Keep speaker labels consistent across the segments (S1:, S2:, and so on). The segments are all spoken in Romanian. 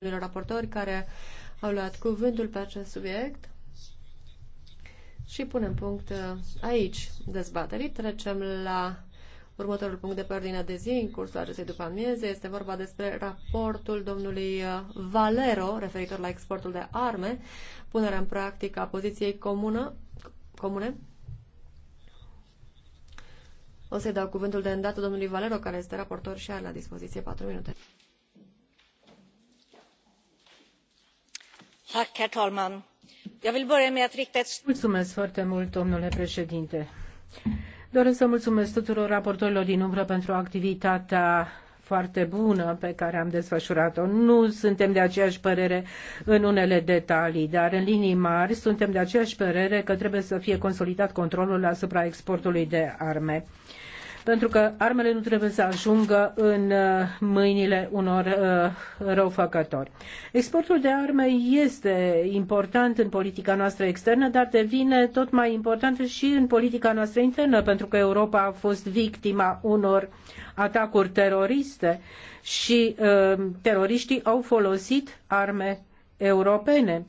S1: raportori care au luat cuvântul pe acest subiect și punem punct uh, aici dezbaterii. Trecem la următorul punct de pe ordinea de zi în cursul acestei după amieze. Este vorba despre raportul domnului uh, Valero referitor la exportul de arme, punerea în practică a poziției comună, comune. O să-i dau cuvântul de îndată domnului Valero, care este raportor și are la dispoziție 4 minute.
S2: Mulțumesc foarte mult, domnule președinte. Doresc să mulțumesc tuturor raportorilor din umbră pentru activitatea foarte bună pe care am desfășurat-o. Nu suntem de aceeași părere în unele detalii, dar în linii mari suntem de aceeași părere că trebuie să fie consolidat controlul asupra exportului de arme pentru că armele nu trebuie să ajungă în uh, mâinile unor uh, răufăcători. Exportul de arme este important în politica noastră externă, dar devine tot mai important și în politica noastră internă, pentru că Europa a fost victima unor atacuri teroriste și uh, teroriștii au folosit arme europene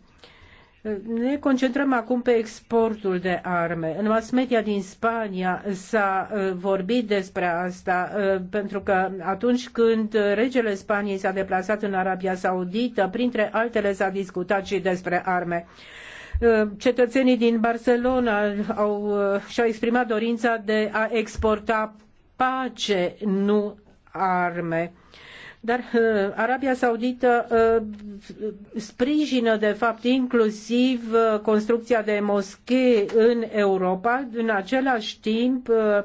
S2: ne concentrăm acum pe exportul de arme. În mass media din Spania s-a uh, vorbit despre asta, uh, pentru că atunci când regele Spaniei s-a deplasat în Arabia Saudită, printre altele s-a discutat și despre arme uh, cetățenii din Barcelona au, și-au exprimat dorința de a exporta pace, nu arme. Dar uh, Arabia Saudită uh, sprijină, de fapt, inclusiv uh, construcția de moschee în Europa. În același timp, uh,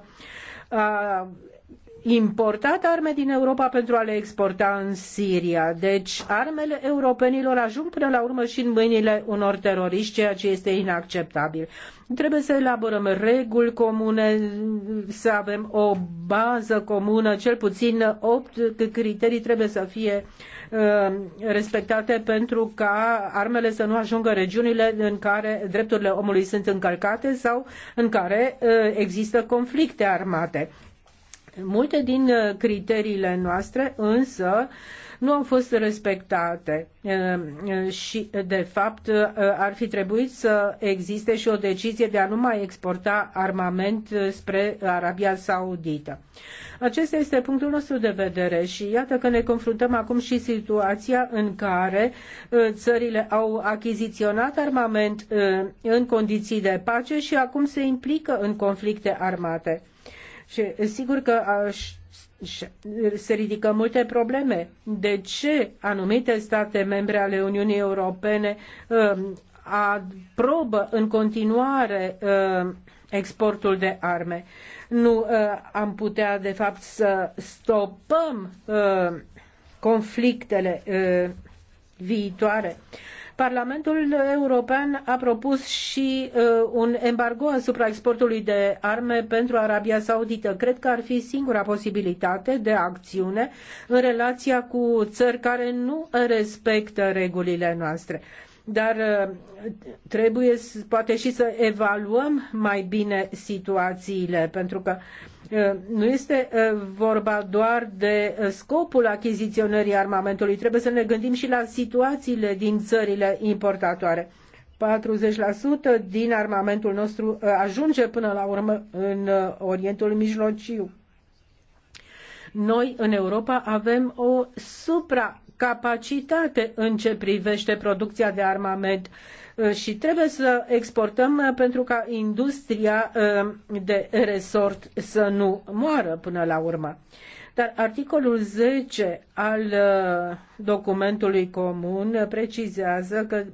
S2: importat arme din Europa pentru a le exporta în Siria. Deci armele europenilor ajung până la urmă și în mâinile unor teroriști, ceea ce este inacceptabil. Trebuie să elaborăm reguli comune, să avem o bază comună, cel puțin opt criterii trebuie să fie uh, respectate pentru ca armele să nu ajungă în regiunile în care drepturile omului sunt încălcate sau în care uh, există conflicte armate. Multe din uh, criteriile noastre însă nu au fost respectate uh, uh, și, de fapt, ar fi trebuit să existe și o decizie de a nu mai exporta armament spre Arabia Saudită. Acesta este punctul nostru de vedere și iată că ne confruntăm acum și situația în care țările au achiziționat armament în condiții de pace și acum se implică în conflicte armate. Și sigur că aș, se ridică multe probleme. De ce anumite state membre ale Uniunii Europene aprobă în continuare exportul de arme? Nu am putea, de fapt, să stopăm conflictele viitoare. Parlamentul European a propus și uh, un embargo asupra exportului de arme pentru Arabia Saudită. Cred că ar fi singura posibilitate de acțiune în relația cu țări care nu respectă regulile noastre dar uh, trebuie poate și să evaluăm mai bine situațiile, pentru că uh, nu este uh, vorba doar de scopul achiziționării armamentului, trebuie să ne gândim și la situațiile din țările importatoare. 40% din armamentul nostru ajunge până la urmă în Orientul Mijlociu. Noi în Europa avem o supra capacitate în ce privește producția de armament uh, și trebuie să exportăm uh, pentru ca industria uh, de resort să nu moară până la urmă. Dar articolul 10 al documentului comun precizează că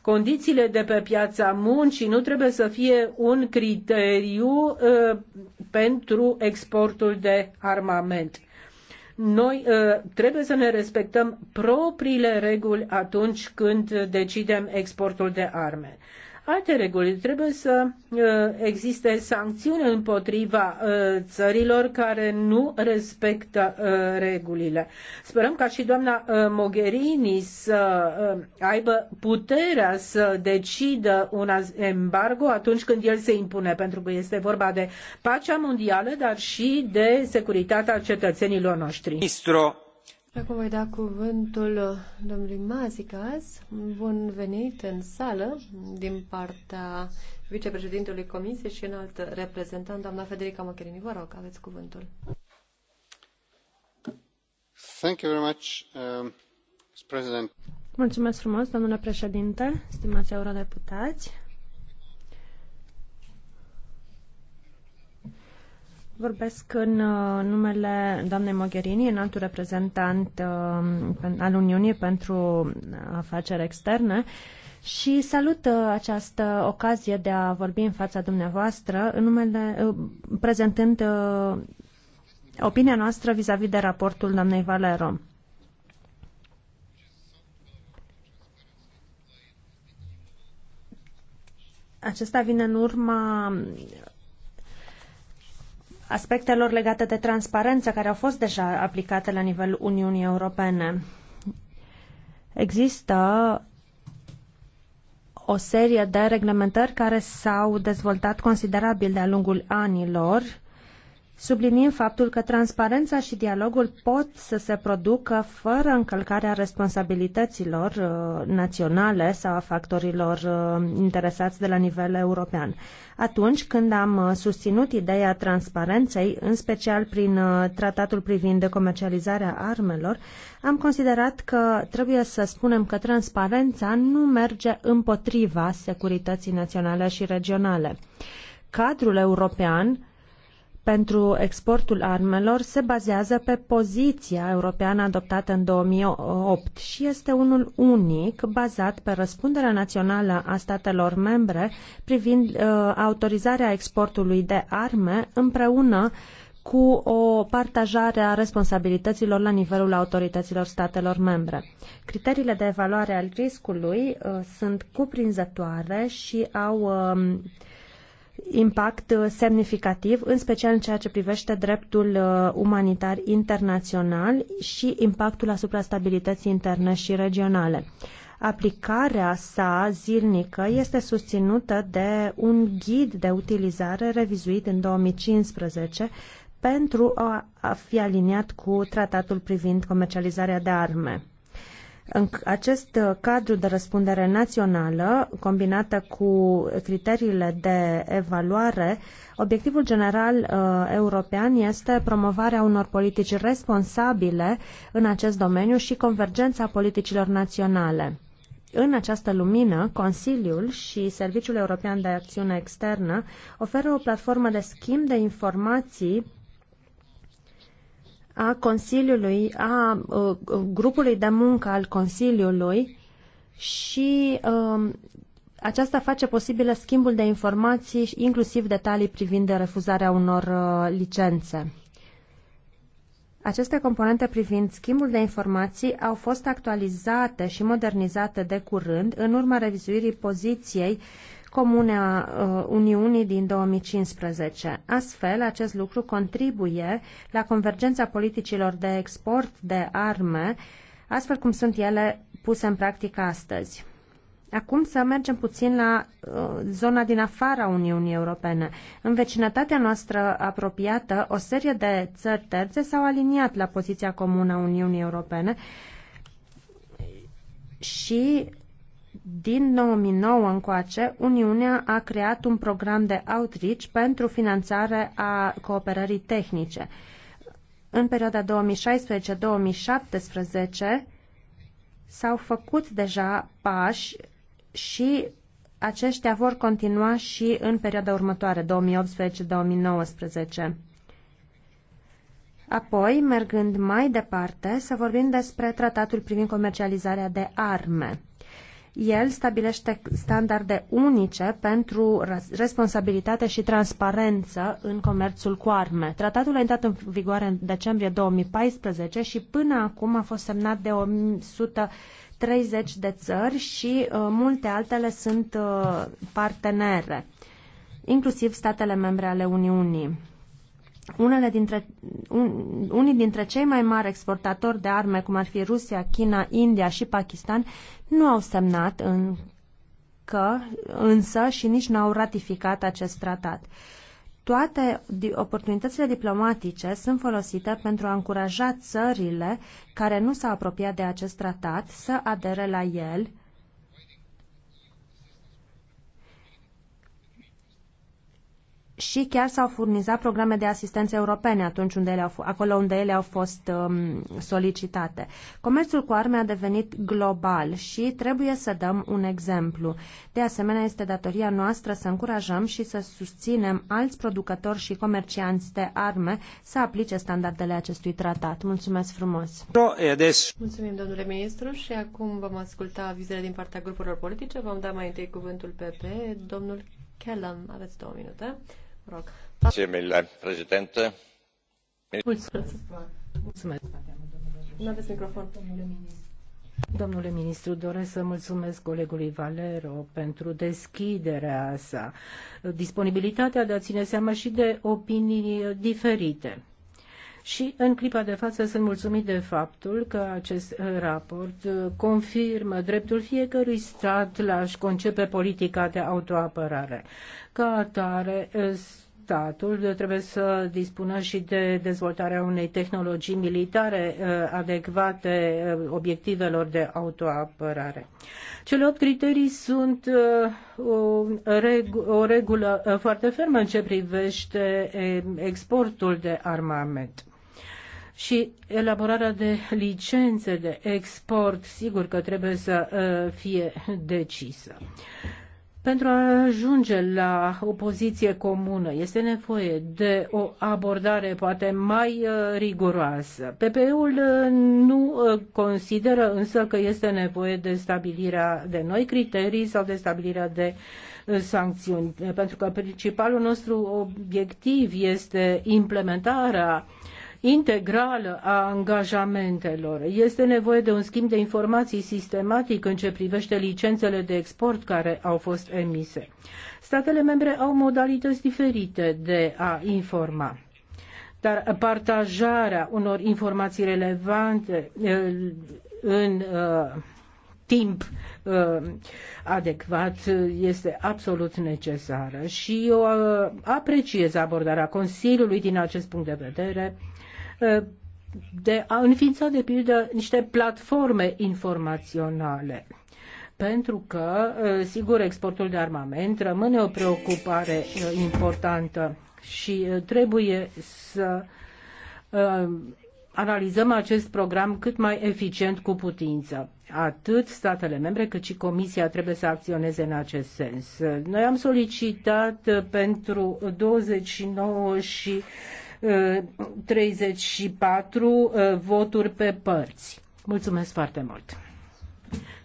S2: condițiile de pe piața muncii nu trebuie să fie un criteriu pentru exportul de armament. Noi uh, trebuie să ne respectăm propriile reguli atunci când decidem exportul de arme alte reguli. Trebuie să uh, existe sancțiuni împotriva uh, țărilor care nu respectă uh, regulile. Sperăm ca și doamna Mogherini să aibă puterea să decidă un embargo atunci când el se impune, pentru că este vorba de pacea mondială, dar și de securitatea cetățenilor noștri.
S1: Acum voi da cuvântul domnului Mazicas. Bun venit în sală din partea vicepreședintelui Comisiei și în alt reprezentant, doamna Federica Mogherini. Vă rog, aveți cuvântul.
S3: Thank you very much, uh,
S4: Mulțumesc frumos, domnule președinte, stimați eurodeputați. Vorbesc în uh, numele doamnei Mogherini, înaltul reprezentant uh, al Uniunii pentru afaceri externe și salut uh, această ocazie de a vorbi în fața dumneavoastră în numele, prezentând opinia noastră vis-a-vis -vis de raportul doamnei Valero. Acesta vine în urma aspectelor legate de transparență care au fost deja aplicate la nivelul Uniunii Europene. Există o serie de reglementări care s-au dezvoltat considerabil de-a lungul anilor subliniind faptul că transparența și dialogul pot să se producă fără încălcarea responsabilităților uh, naționale sau a factorilor uh, interesați de la nivel european. Atunci când am uh, susținut ideea transparenței, în special prin tratatul privind de comercializarea armelor, am considerat că trebuie să spunem că transparența nu merge împotriva securității naționale și regionale. Cadrul european pentru exportul armelor se bazează pe poziția europeană adoptată în 2008 și este unul unic bazat pe răspunderea națională a statelor membre privind uh, autorizarea exportului de arme împreună cu o partajare a responsabilităților la nivelul autorităților statelor membre. Criteriile de evaluare al riscului uh, sunt cuprinzătoare și au uh, impact uh, semnificativ, în special în ceea ce privește dreptul uh, umanitar internațional și impactul asupra stabilității interne și regionale. Aplicarea sa zilnică este susținută de un ghid de utilizare revizuit în 2015 pentru a fi aliniat cu tratatul privind comercializarea de arme. În acest uh, cadru de răspundere națională, combinată cu criteriile de evaluare, obiectivul general uh, european este promovarea unor politici responsabile în acest domeniu și convergența politicilor naționale. În această lumină, Consiliul și Serviciul European de Acțiune Externă oferă o platformă de schimb de informații a Consiliului, a ă, ă, grupului de muncă al Consiliului și ă, aceasta face posibilă schimbul de informații, inclusiv detalii privind de refuzarea unor licențe. Aceste componente privind schimbul de informații au fost actualizate și modernizate de curând în urma revizuirii poziției uh, comune a uh, Uniunii din 2015. Astfel, acest lucru contribuie la convergența politicilor de export de arme, astfel cum sunt ele puse în practică astăzi. Acum să mergem puțin la uh, zona din afara Uniunii Europene. În vecinătatea noastră apropiată, o serie de țări terțe s-au aliniat la poziția comună a Uniunii Europene și din 2009 încoace, Uniunea a creat un program de outreach pentru finanțare a cooperării tehnice. În perioada 2016-2017 s-au făcut deja pași și aceștia vor continua și în perioada următoare, 2018-2019. Apoi, mergând mai departe, să vorbim despre tratatul privind comercializarea de arme. El stabilește standarde unice pentru responsabilitate și transparență în comerțul cu arme. Tratatul a intrat în vigoare în decembrie 2014 și până acum a fost semnat de 100 30 de țări și uh, multe altele sunt uh, partenere, inclusiv statele membre ale Uniunii unele dintre, un, unii dintre cei mai mari exportatori de arme, cum ar fi Rusia, China, India și Pakistan, nu au semnat încă, însă și nici nu au ratificat acest tratat. Toate oportunitățile diplomatice sunt folosite pentru a încuraja țările care nu s-au apropiat de acest tratat să adere la el și chiar s-au furnizat programe de asistență europene atunci unde ele au, acolo unde ele au fost um, solicitate. Comerțul cu arme a devenit global și trebuie să dăm un exemplu. De asemenea, este datoria noastră să încurajăm și să susținem alți producători și comercianți de arme să aplice standardele acestui tratat. Mulțumesc frumos! Mulțumim, domnule ministru, și
S1: acum vom asculta vizele din partea grupurilor politice. Vom da mai întâi cuvântul PP, domnul Kellam. Aveți două minute
S3: domnule președinte.
S2: Mulțumesc.
S1: domnule
S2: Domnule ministru, doresc să mulțumesc colegului Valero pentru deschiderea sa, disponibilitatea de a ține seama și de opinii diferite și în clipa de față sunt mulțumit de faptul că acest uh, raport uh, confirmă dreptul fiecărui stat la a-și concepe politica de autoapărare. Ca atare, uh, statul trebuie să dispună și de dezvoltarea unei tehnologii militare adecvate obiectivelor de autoapărare. Cele opt criterii sunt o, o regulă foarte fermă în ce privește exportul de armament și elaborarea de licențe de export, sigur că trebuie să uh, fie decisă. Pentru a ajunge la o poziție comună este nevoie de o abordare poate mai uh, riguroasă. PPE-ul uh, nu consideră însă că este nevoie de stabilirea de noi criterii sau de stabilirea de sancțiuni, pentru că principalul nostru obiectiv este implementarea uh, integrală a angajamentelor. Este nevoie de un schimb de informații sistematic în ce privește licențele de export care au fost emise. Statele membre au modalități diferite de a informa dar partajarea unor informații relevante eh, în eh, timp eh, adecvat este absolut necesară și eu apreciez abordarea Consiliului din acest punct de vedere Uh, de a înființa, de pildă, niște platforme informaționale. Pentru că, uh, sigur, exportul de armament rămâne o preocupare uh, importantă și trebuie să analizăm acest program cât mai eficient cu putință. Atât statele membre cât și Comisia trebuie să acționeze în acest sens. Noi am solicitat pentru 29 și 34 uh, voturi pe părți. Mulțumesc foarte mult!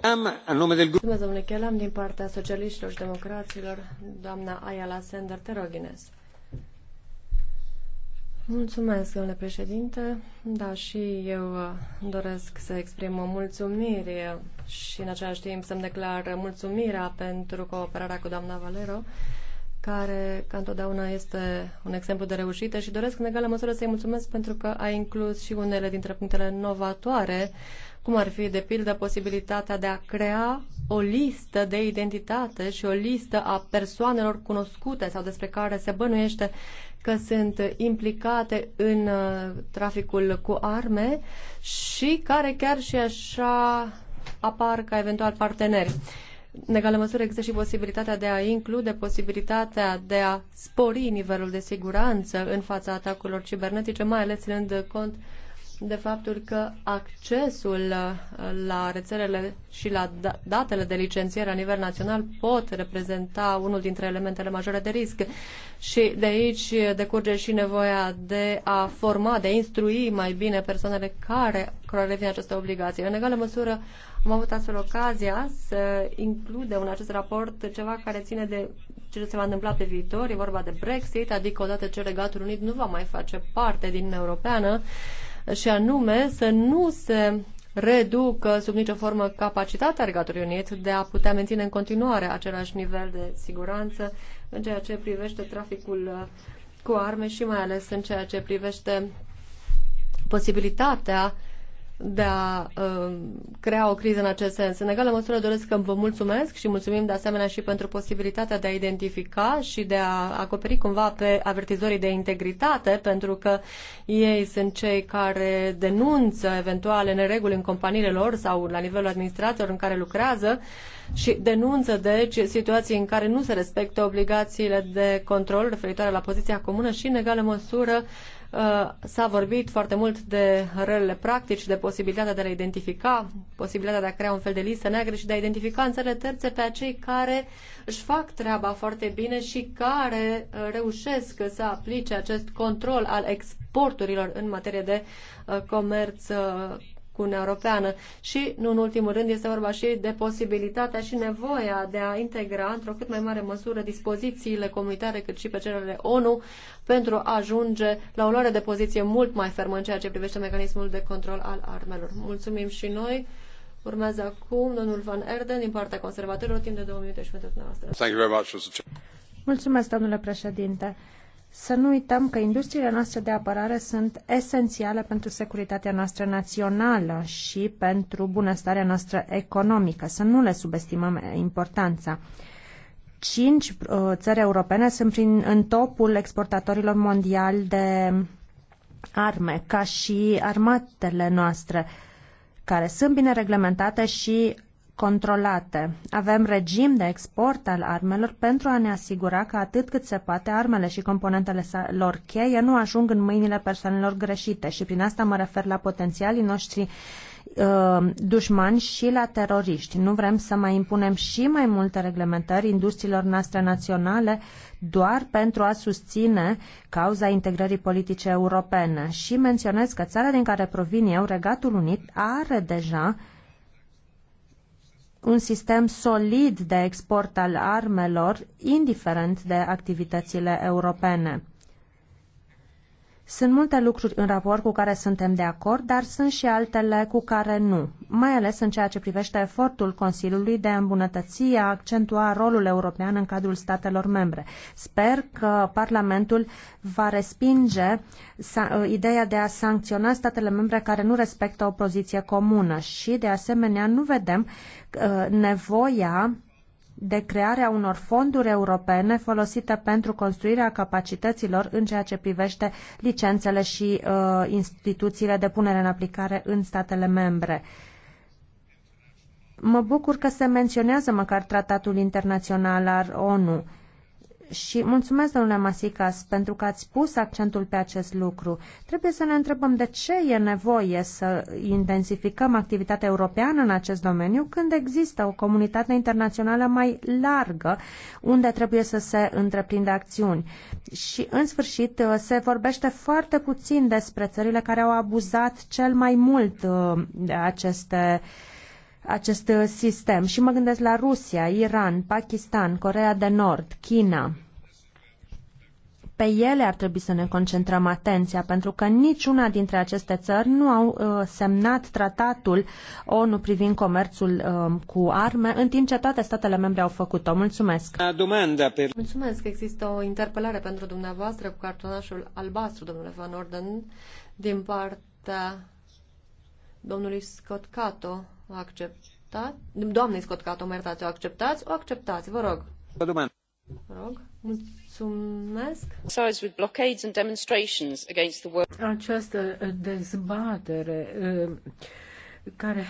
S1: Am, în nume del grup... domnule Chelam, din partea socialiștilor și democraților, doamna Ayala Sender, te rog, Ines. Mulțumesc, domnule președinte. Da, și eu uh, doresc să exprim o mulțumire și în același timp să-mi declar mulțumirea pentru cooperarea cu doamna Valero care, ca întotdeauna, este un exemplu de reușită și doresc în egală măsură să-i mulțumesc pentru că a inclus și unele dintre punctele novatoare, cum ar fi, de pildă, posibilitatea de a crea o listă de identitate și o listă a persoanelor cunoscute sau despre care se bănuiește că sunt implicate în uh, traficul cu arme și care chiar și așa apar ca eventual parteneri. În egală măsură există și posibilitatea de a include posibilitatea de a spori nivelul de siguranță în fața atacurilor cibernetice, mai ales ținând cont de faptul că accesul uh, la rețelele și la da- datele de licențiere la nivel național pot reprezenta unul dintre elementele majore de risc. Și de aici decurge și nevoia de a forma, de a instrui mai bine persoanele care, care revin această obligație. În egală măsură am avut astfel ocazia să includem în acest raport ceva care ține de ce se va întâmpla pe viitor. E vorba de Brexit, adică odată ce Regatul Unit nu va mai face parte din Europeană, și anume să nu se reducă sub nicio formă capacitatea Regatului Unit de a putea menține în continuare același nivel de siguranță în ceea ce privește traficul uh, cu arme și mai ales în ceea ce privește posibilitatea de a uh, crea o criză în acest sens. În egală măsură doresc că vă mulțumesc și mulțumim de asemenea și pentru posibilitatea de a identifica și de a acoperi cumva pe avertizorii de integritate, pentru că ei sunt cei care denunță eventuale nereguli în companiile lor sau la nivelul administrator în care lucrează și denunță, deci, situații în care nu se respectă obligațiile de control referitoare la poziția comună și, în egală măsură, uh, Uh, s-a vorbit foarte mult de rălele practici, de posibilitatea de a le identifica, posibilitatea de a crea un fel de listă neagră și de a identifica în țările terțe pe acei care își fac treaba foarte bine și care uh, reușesc să aplice acest control al exporturilor în materie de uh, comerț cu Uniunea Europeană. Și, nu în ultimul rând, este vorba și de posibilitatea și nevoia de a integra într-o cât mai mare măsură dispozițiile comunitare cât și pe celele ONU pentru a ajunge la o luare de poziție mult mai fermă în ceea ce privește mecanismul de control al armelor. Mulțumim și noi. Urmează acum domnul Van Erden din partea conservatorilor timp de două minute și pentru
S3: dumneavoastră.
S4: Mulțumesc, domnule președinte. Să nu uităm că industriile noastre de apărare sunt esențiale pentru securitatea noastră națională și pentru bunăstarea noastră economică. Să nu le subestimăm importanța. Cinci uh, țări europene sunt prin, în topul exportatorilor mondiali de arme, ca și armatele noastre, care sunt bine reglementate și controlate. Avem regim de export al armelor pentru a ne asigura că atât cât se poate armele și componentele lor cheie nu ajung în mâinile persoanelor greșite și prin asta mă refer la potențialii noștri uh, dușmani și la teroriști. Nu vrem să mai impunem și mai multe reglementări industriilor noastre naționale doar pentru a susține cauza integrării politice europene. Și menționez că țara din care provin eu, Regatul Unit, are deja uh, un sistem solid de export al armelor, indiferent de activitățile europene. Sunt multe lucruri în raport cu care suntem de acord, dar sunt și altele cu care nu, mai ales în ceea ce privește efortul Consiliului de a îmbunătăți, a accentua rolul european în cadrul statelor membre. Sper că Parlamentul va respinge uh, ideea de a sancționa statele membre care nu respectă o poziție comună și, de asemenea, nu vedem uh, nevoia de crearea unor fonduri europene folosite pentru construirea capacităților în ceea ce privește licențele și uh, instituțiile de punere în aplicare în statele membre. Mă bucur că se menționează măcar tratatul internațional al ONU. Și mulțumesc, domnule Masicas, pentru că ați pus accentul pe acest lucru. Trebuie să ne întrebăm de ce e nevoie să intensificăm activitatea europeană în acest domeniu când există o comunitate internațională mai largă unde trebuie să se întreprinde acțiuni. Și, în sfârșit, se vorbește foarte puțin despre țările care au abuzat cel mai mult uh, de aceste uh, acest uh, sistem. Și mă gândesc la Rusia, Iran, Pakistan, Corea de Nord, China. Pe ele ar trebui să ne concentrăm atenția, pentru că niciuna dintre aceste țări nu au uh, semnat tratatul ONU privind comerțul uh, cu arme, în timp ce toate statele membre au făcut-o. Mulțumesc! Mulțumesc!
S1: Există o interpelare pentru dumneavoastră cu cartonașul albastru, domnule Van Orden, din partea domnului Scott Cato o acceptați? Doamne, scot Cato, mă iertați, o acceptați? O acceptați, vă rog. Vă rog,
S2: mulțumesc. With blockades and demonstrations against the world. Această uh, dezbatere uh, care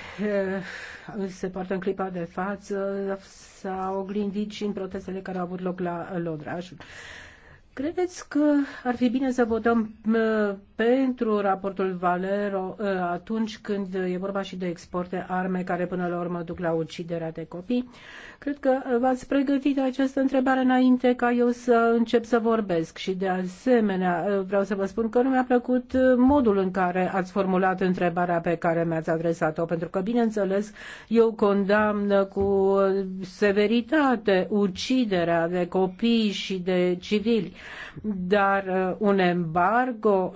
S2: uh, se poartă în clipa de față s-a oglindit și în protestele care au avut loc la Londra Credeți că ar fi bine să votăm pentru raportul Valero atunci când e vorba și de exporte arme care până la urmă duc la uciderea de copii? Cred că uh, v-ați pregătit această întrebare înainte ca eu să încep să vorbesc și de asemenea uh, vreau să vă spun că nu mi-a plăcut uh, modul în care ați formulat întrebarea pe care mi-ați adresat-o, pentru că, bineînțeles, eu condamn cu severitate uciderea de copii și de civili, dar un embargo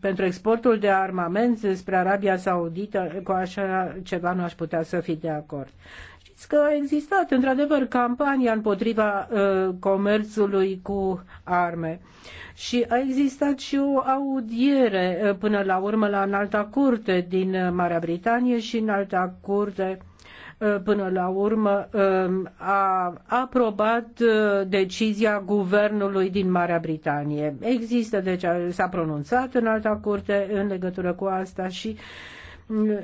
S2: pentru exportul de armament spre Arabia Saudită, cu așa ceva nu aș putea să fi de acord știți că a existat într-adevăr campania împotriva uh, comerțului cu arme și a existat și o audiere uh, până la urmă la Înalta Curte din uh, Marea Britanie și Înalta Curte uh, până la urmă um, a aprobat uh, decizia guvernului din Marea Britanie. Există, deci s-a pronunțat în alta curte în legătură cu asta și uh,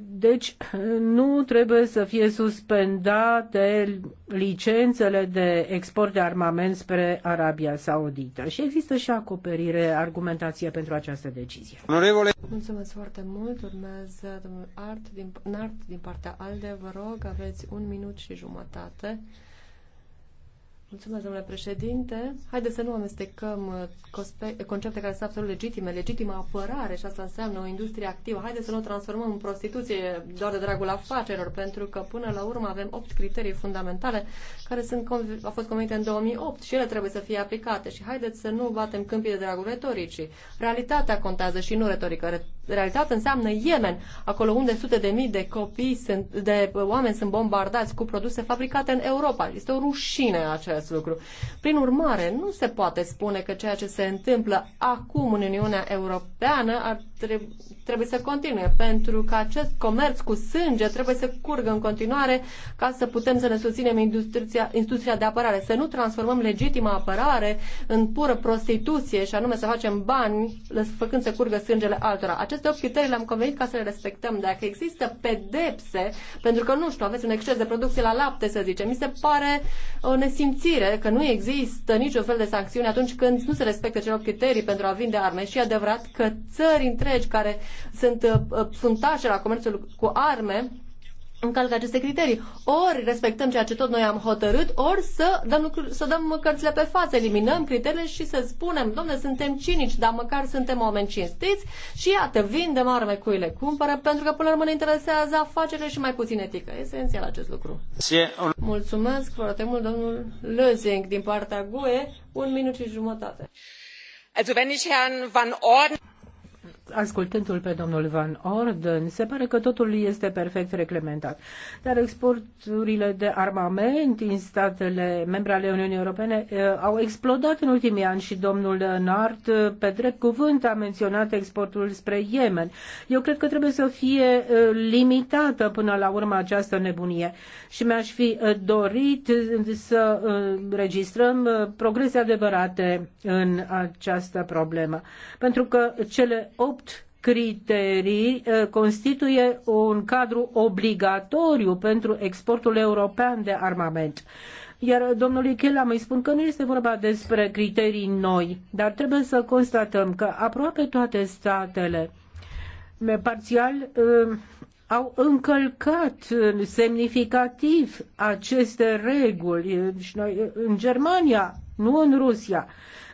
S2: deci nu trebuie să fie suspendate licențele de export de armament spre Arabia Saudită. Și există și acoperire, argumentație pentru această decizie.
S5: Onorevole.
S1: Mulțumesc foarte mult. Urmează domnul Art din, Nart din partea ALDE. Vă rog, aveți un minut și jumătate. Mulțumesc, domnule președinte. Haideți să nu amestecăm uh, concepte care sunt absolut legitime. Legitimă apărare și asta înseamnă o industrie activă. Haideți să nu o transformăm în prostituție doar de dragul afacerilor, pentru că până la urmă avem opt criterii fundamentale care sunt, au fost convenite în 2008 și ele trebuie să fie aplicate. Și haideți să nu batem câmpii de dragul retoricii. Realitatea contează și nu retorică. Realitatea înseamnă Yemen, acolo unde sute de mii de copii sunt, de oameni sunt bombardați cu produse fabricate în Europa. Este o rușine acest lucru. Prin urmare, nu se poate spune că ceea ce se întâmplă acum în Uniunea Europeană ar trebui, trebuie să continue, pentru că acest comerț cu sânge trebuie să curgă în continuare ca să putem să ne susținem industria Instituția de apărare, să nu transformăm legitima apărare în pură prostituție și anume să facem bani făcând să curgă sângele altora. Aceste 8 criterii le-am convenit ca să le respectăm. Dacă există pedepse, pentru că nu știu, aveți un exces de producție la lapte, să zicem, mi se pare o nesimțire că nu există niciun fel de sancțiune atunci când nu se respectă cele 8 criterii pentru a vinde arme. Și e adevărat că țări întregi care sunt uh, fruntașe uh, la comerțul cu arme, încalcă aceste criterii. Ori respectăm ceea ce tot noi am hotărât, ori să dăm, lucru, să dăm cărțile pe față, eliminăm criteriile și să spunem, domne, suntem cinici, dar măcar suntem oameni cinstiți și iată, de marme cu le cumpără, pentru că până la urmă ne interesează afacerile și mai puțin etică. E esențial acest lucru. Mulțumesc foarte mult, domnul Lăzing, din partea GUE, un minut și jumătate. Also wenn ich Herrn Van Orden
S2: ascultându-l pe domnul Van Orden, se pare că totul este perfect reglementat. Dar exporturile de armament din statele membre ale Uniunii Europene eh, au explodat în ultimii ani și domnul Nart, eh, pe drept cuvânt, a menționat exportul spre Yemen. Eu cred că trebuie să fie eh, limitată până la urmă această nebunie și mi-aș fi dorit să registrăm progrese adevărate în această problemă. Pentru că cele 8 opt criterii uh, constituie un cadru obligatoriu pentru exportul european de armament. Iar domnului Chela mai spun că nu este vorba despre criterii noi, dar trebuie să constatăm că aproape toate statele parțial uh, au încălcat uh, semnificativ aceste reguli și noi în Germania, nu în Rusia.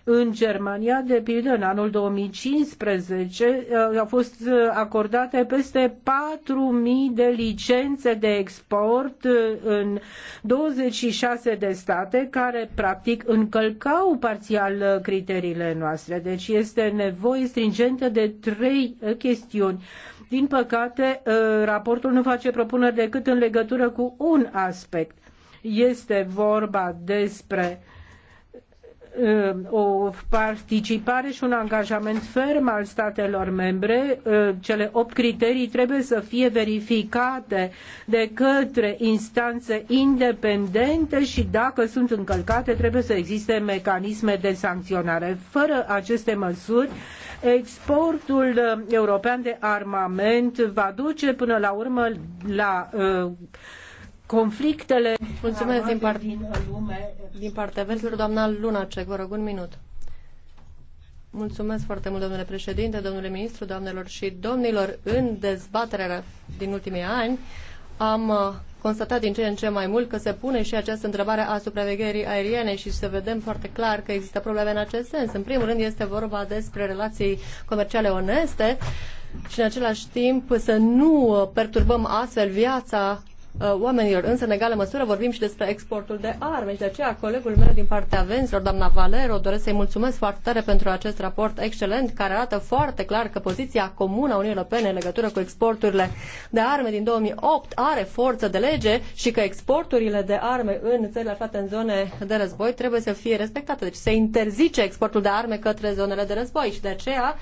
S2: În Germania, de pildă, în anul 2015 uh, au fost uh, acordate peste 4.000 de licențe de export uh, în 26 de state care practic încălcau parțial criteriile noastre. Deci este nevoie stringentă de trei chestiuni. Din păcate, raportul nu face propuneri decât în legătură cu un aspect. Este vorba despre Uh, o participare și un angajament ferm al statelor membre. Uh, cele opt criterii trebuie să fie verificate de către instanțe independente și dacă sunt încălcate trebuie să existe mecanisme de sancționare. Fără aceste măsuri, exportul uh, european de armament va duce până la urmă la conflictele Mulțumesc din, part... din,
S1: lume. din partea verzilor, doamna Lunacek, vă rog un minut. Mulțumesc foarte mult, domnule președinte, domnule ministru, doamnelor și domnilor. În dezbaterea din ultimii ani am uh, constatat din ce în ce mai mult că se pune și această întrebare a supravegherii aeriene și să vedem foarte clar că există probleme în acest sens. În primul rând este vorba despre relații comerciale oneste și în același timp să nu uh, perturbăm astfel viața Uh, oamenilor. Însă, în egală măsură, vorbim și despre exportul de arme și de aceea colegul meu din partea venților, doamna Valero, doresc să-i mulțumesc foarte tare pentru acest raport excelent care arată foarte clar că poziția comună a Uniunii Europene în legătură cu exporturile de arme din 2008 are forță de lege și că exporturile de arme în țările aflate în zone de război trebuie să fie respectate. Deci se interzice exportul de arme către zonele de război și de aceea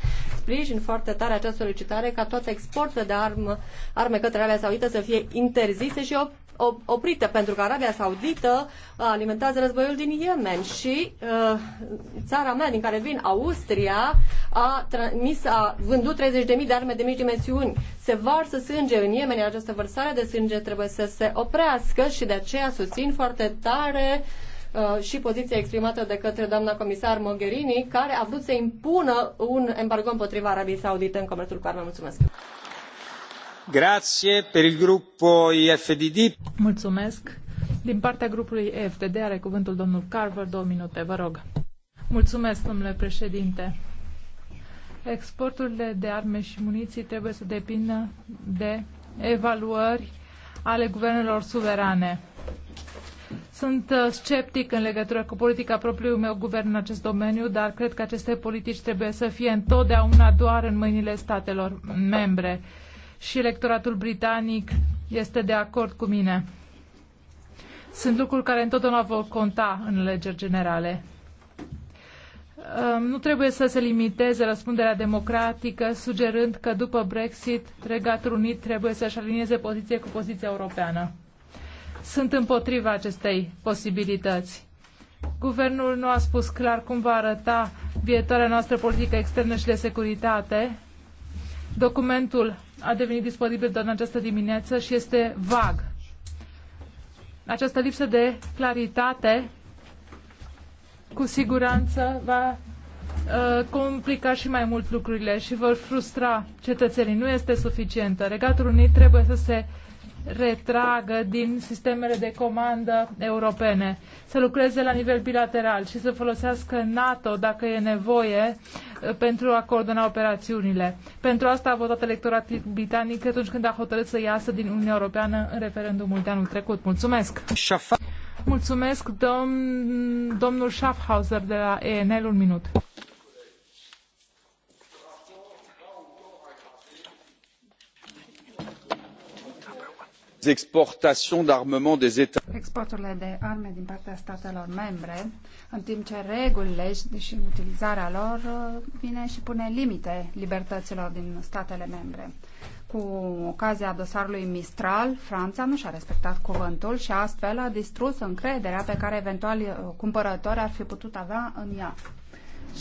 S1: sprijin foarte tare această solicitare ca toate exporturile de armă, arme către Arabia Saudită să fie interzise și op, op, oprite, pentru că Arabia Saudită alimentează războiul din Yemen și uh, țara mea din care vin, Austria, a, transmis, a vândut 30.000 de arme de mici dimensiuni. Se varsă sânge în Yemen, această vărsare de sânge trebuie să se oprească și de aceea susțin foarte tare uh, Uh, și poziția exprimată de către doamna comisar Mogherini, care a vrut să impună un embargo împotriva Arabiei
S6: Saudite în comerțul cu arme. Mulțumesc!
S3: Grazie per il gruppo
S5: IFDD.
S6: Mulțumesc. Din partea grupului EFDD are cuvântul domnul Carver, două minute, vă rog. Mulțumesc, domnule președinte. Exporturile de arme și muniții trebuie să depină de evaluări ale guvernelor suverane. Sunt uh, sceptic în legătură cu politica propriului meu guvern în acest domeniu, dar cred că aceste politici trebuie să fie întotdeauna doar în mâinile statelor membre. Și electoratul britanic este de acord cu mine. Sunt lucruri care întotdeauna vor conta în legeri generale uh, nu trebuie să se limiteze răspunderea democratică, sugerând că după Brexit, Regatul Unit trebuie să-și alinieze poziție cu poziția europeană sunt împotriva acestei posibilități. Guvernul nu a spus clar cum va arăta viitoarea noastră politică externă și de securitate. Documentul a devenit disponibil doar în această dimineață și este vag. Această lipsă de claritate cu siguranță va uh, complica și mai mult lucrurile și vor frustra cetățenii. Nu este suficientă. Regatul Unit trebuie să se uh, retragă din sistemele de comandă europene, să lucreze la nivel bilateral și să folosească NATO dacă e nevoie uh, pentru a coordona operațiunile. Pentru asta a votat electoratul britanic atunci când a hotărât să iasă din Uniunea Europeană în referendumul de anul trecut. Mulțumesc! Mulțumesc, domn, domnul Schaffhauser de la ENL, un minut.
S5: exportations d'armement des États. Exporturile de arme din partea statelor membre, în timp ce regulile și utilizarea lor uh, vine și pune limite libertăților din statele membre. Cu ocazia dosarului Mistral, Franța nu și-a respectat cuvântul și astfel a distrus încrederea pe care eventual uh, cumpărători ar fi putut avea în ea.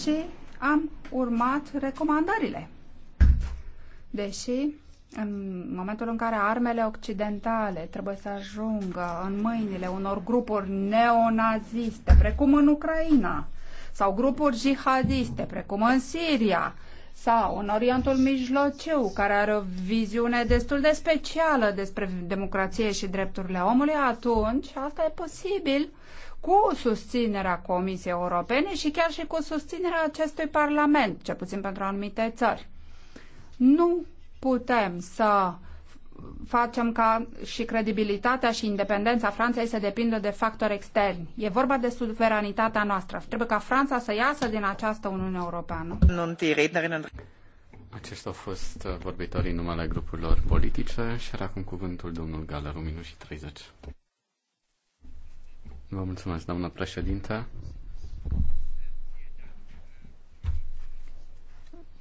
S5: Și am urmat recomandările. Deși în momentul în care armele occidentale trebuie să ajungă în mâinile unor grupuri neonaziste, precum în Ucraina, sau grupuri jihadiste, precum în Siria, sau în Orientul Mijlociu, care are o viziune destul de specială despre democrație și drepturile omului, atunci asta e posibil cu susținerea Comisiei Europene și chiar și cu susținerea acestui Parlament, cel puțin pentru anumite țări. Nu putem să facem ca și credibilitatea și independența Franței să depindă de factori externi. E vorba de suveranitatea noastră. Trebuie ca Franța să iasă din această Uniune Europeană.
S3: Aceștia au fost uh, vorbitorii numele grupurilor politice și era acum cuvântul domnul Gala 1 minut și 30. Vă mulțumesc, doamnă președinte.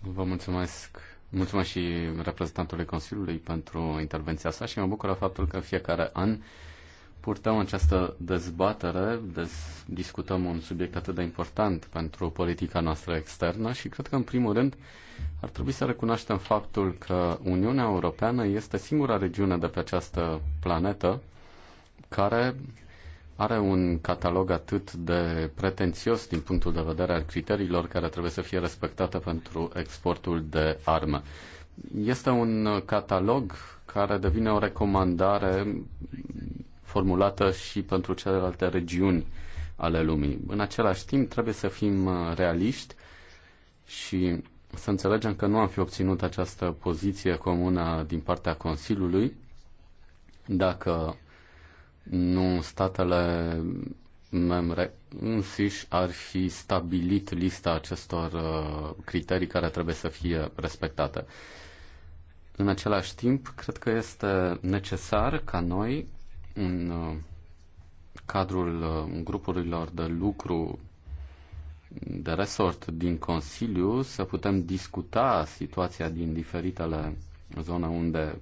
S3: Vă mulțumesc Mulțumesc și reprezentantului Consiliului pentru intervenția sa și mă bucură faptul că în fiecare an purtăm această dezbatere, des, discutăm un subiect atât de important pentru politica noastră externă și cred că, în primul rând, ar trebui să recunoaștem faptul că Uniunea Europeană este singura regiune de pe această planetă care are un catalog atât de pretențios din punctul de vedere al criteriilor care trebuie să fie respectate pentru exportul de arme. Este un catalog care devine o recomandare formulată și pentru celelalte regiuni ale lumii. În același timp, trebuie să fim realiști și să înțelegem că nu am fi obținut această poziție comună din partea Consiliului dacă nu statele membre însiși ar fi stabilit lista acestor uh, criterii care trebuie să fie respectate. În același timp, cred că este necesar ca noi, în uh, cadrul uh, grupurilor de lucru de resort din Consiliu, să putem discuta situația din diferitele zone unde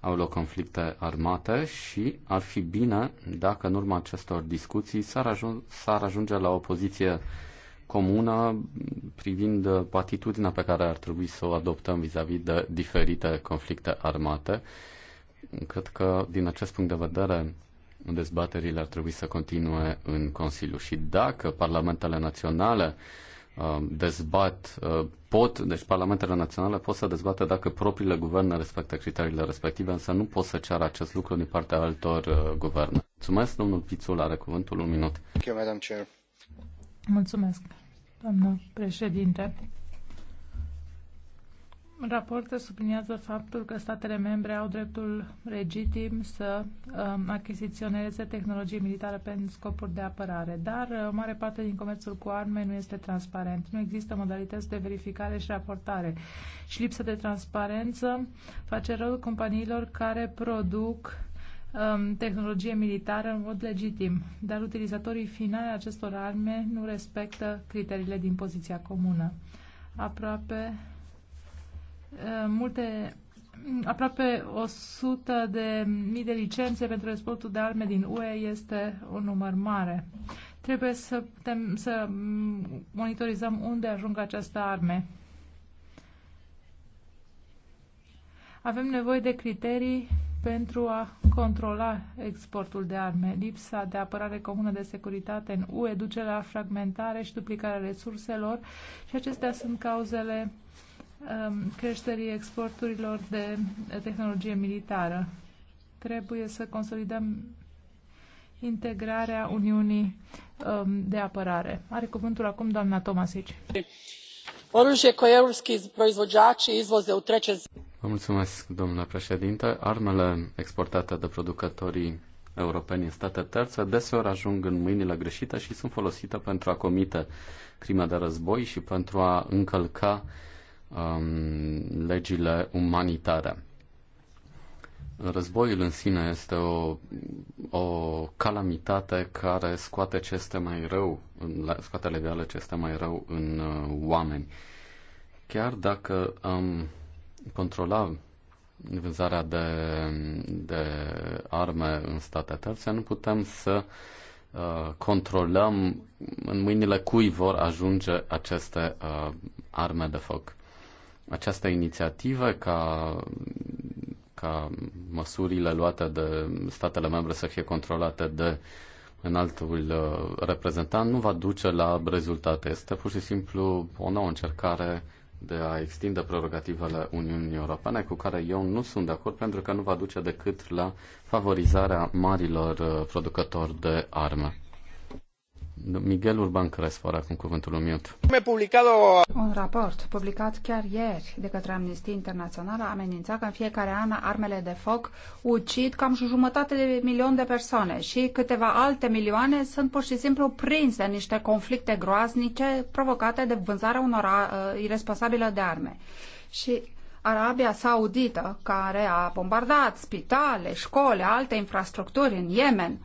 S3: au loc conflicte armate și ar fi bine dacă în urma acestor discuții s-ar, ajun- s-ar ajunge la o poziție comună privind atitudinea pe care ar trebui să o adoptăm vis-a-vis -vis de diferite conflicte armate. Cred că, din acest punct de vedere, dezbaterile ar trebui să continue în Consiliu. Și dacă parlamentele naționale uh, Uh, dezbat, uh, pot, deci parlamentele naționale pot să dezbată dacă propriile guverne respectă criteriile respective, însă nu pot să ceară acest lucru din partea altor uh, guverne. Mulțumesc, domnul Pițul, are cuvântul un minut.
S6: Mulțumesc, doamnă președinte. Raportul subliniază faptul că statele membre au dreptul legitim să um, achiziționeze tehnologie militară pentru scopuri de apărare, dar uh, mare parte din comerțul cu arme nu este transparent. Nu există modalități de verificare și raportare și lipsa de transparență face rău companiilor care produc um, tehnologie militară în mod legitim, dar utilizatorii finali acestor arme nu respectă criteriile din poziția comună. Aproape Eh, multe, aproape 100 de mii de licențe pentru exportul de arme din UE este un număr mare. Trebuie să, putem, să mm, monitorizăm unde ajung aceste arme. Avem nevoie de criterii pentru a controla exportul de arme. Lipsa de apărare comună de securitate în UE duce la fragmentare și duplicarea resurselor și acestea sunt cauzele Um, creșterii exporturilor de tehnologie militară. Trebuie să consolidăm integrarea Uniunii um, de apărare. Are cuvântul acum doamna Tomasici. Oružje koje europski proizvođači izvoze u treće
S3: Vă mulțumesc, domnule președinte. Armele exportate de producătorii europeni în state terțe deseori ajung în mâinile greșite și sunt folosite pentru a comite crime de război și pentru a încălca uh, um, legile umanitare. Războiul în sine este o, o calamitate care scoate ce este mai rău, scoate legale ce este mai rău în uh, oameni. Chiar dacă am controla vânzarea de, de arme în state terțe, nu putem să uh, controlăm în mâinile cui vor ajunge aceste uh, arme de foc această inițiativă ca, ca măsurile luate de statele membre să fie controlate de înaltul uh, reprezentant nu va duce la rezultate. Este pur și simplu o nouă încercare de a extinde prerogativele Uniunii Europene, cu care eu nu sunt de acord, pentru că nu va duce decât la favorizarea marilor uh, producători de arme. Miguel Urban Crespo are acum cuvântul un minut.
S5: Un raport publicat chiar ieri de către Amnistia Internațională amenința că în fiecare an armele de foc ucid cam și jumătate de milion de persoane și câteva alte milioane sunt pur și simplu prinse în niște conflicte groaznice provocate de vânzarea unor uh, irresponsabilă de arme. Și Arabia Saudită, care a bombardat spitale, școli, alte infrastructuri în Yemen, uh,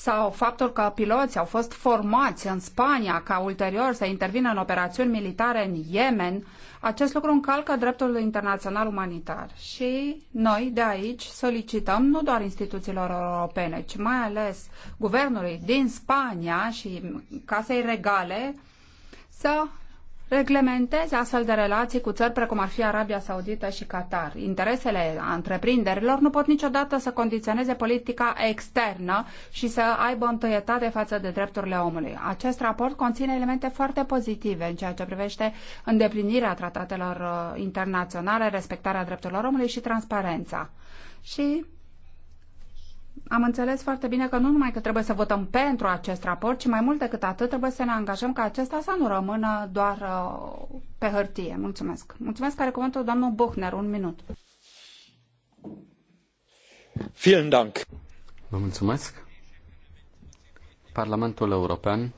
S5: sau faptul că piloții au fost formați în Spania ca ulterior să intervină în operațiuni militare în Yemen, acest lucru încalcă dreptul internațional umanitar. Și noi de aici solicităm nu doar instituțiilor europene, ci mai ales guvernului din Spania și Casei Regale să reglementeze astfel de relații cu țări precum ar fi Arabia Saudită și Qatar. Interesele întreprinderilor nu pot niciodată să condiționeze politica externă și să aibă întâietate față de drepturile omului. Acest raport conține elemente foarte pozitive în ceea ce privește îndeplinirea tratatelor uh, internaționale, respectarea drepturilor omului și transparența. Și am înțeles foarte bine că nu numai că trebuie să votăm pentru acest raport, ci mai mult decât atât trebuie să ne angajăm ca acesta să nu rămână doar uh, pe hârtie. Mulțumesc. Mulțumesc care cuvântul domnul Buchner. Un minut.
S3: Vielen Dank. Vă mulțumesc. Parlamentul European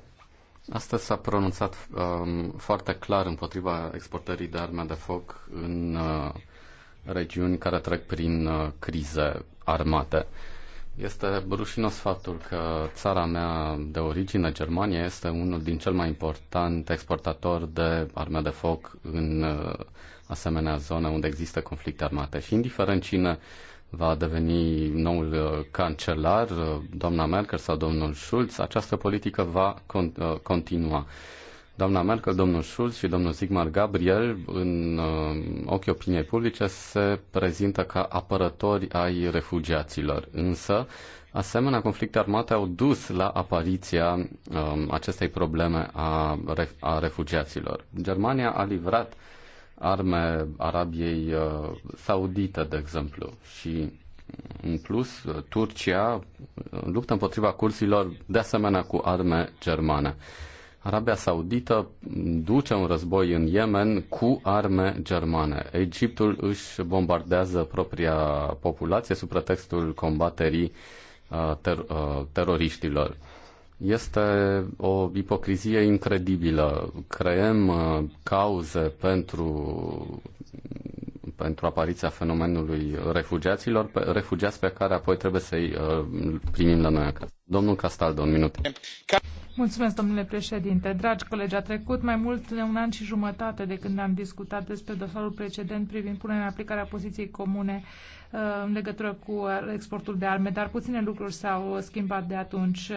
S3: astăzi s-a pronunțat um, foarte clar împotriva exportării de arme de foc în uh, regiuni care trec prin uh, crize armate. Uh, este rușinos faptul că țara mea de origine, Germania, este unul din cel mai important exportator de arme de foc în uh, asemenea zone unde există conflicte armate. Și indiferent cine va deveni noul uh, cancelar, uh, doamna Merkel sau domnul Schulz, această politică va continua. Doamna Merkel, domnul Schulz și domnul Sigmar Gabriel, în uh, ochii opiniei publice, se prezintă ca apărători ai refugiaților. Însă, asemenea, conflicte armate au dus la apariția uh, acestei probleme a, a refugiaților. Germania a livrat arme Arabiei uh, Saudite, de exemplu, și în plus, Turcia luptă împotriva cursilor de asemenea cu arme germane. Arabia Saudită duce un război în Yemen cu arme germane. Egiptul își bombardează propria populație sub pretextul combaterii uh, ter- uh, teroriștilor. Este o ipocrizie incredibilă. Creăm uh, cauze pentru pentru apariția fenomenului refugiaților, pe, refugiați pe care apoi trebuie să-i uh, primim la noi acasă. Domnul Castaldo, un minut.
S6: Mulțumesc, domnule președinte. Dragi colegi, a trecut mai mult de un an și jumătate de când am discutat despre dosarul precedent privind punerea în aplicare a poziției comune uh, Uh, în legătură cu exportul de arme, dar puține lucruri s-au schimbat de atunci.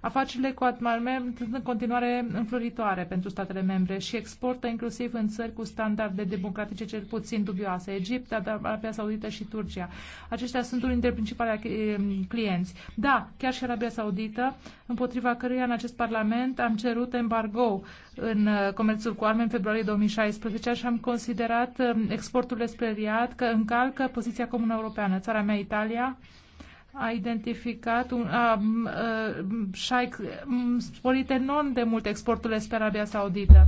S6: Afacerile cu arme sunt în continuare înfloritoare pentru statele membre și exportă inclusiv în țări cu standarde democratice cel puțin dubioase, Egipt, Arabia Saudită și Turcia. Aceștia sunt unul dintre principalii eh, clienți. Da, chiar și Arabia Saudită, împotriva căruia în acest Parlament am cerut embargo în uh, comerțul cu arme în februarie 2016 și am considerat um, exporturile spre Riad că încalcă poziția comună europeană. Țara mea, Italia, a identificat un, a, a, uh, și a sporit enorm de mult exporturile spre Arabia Saudită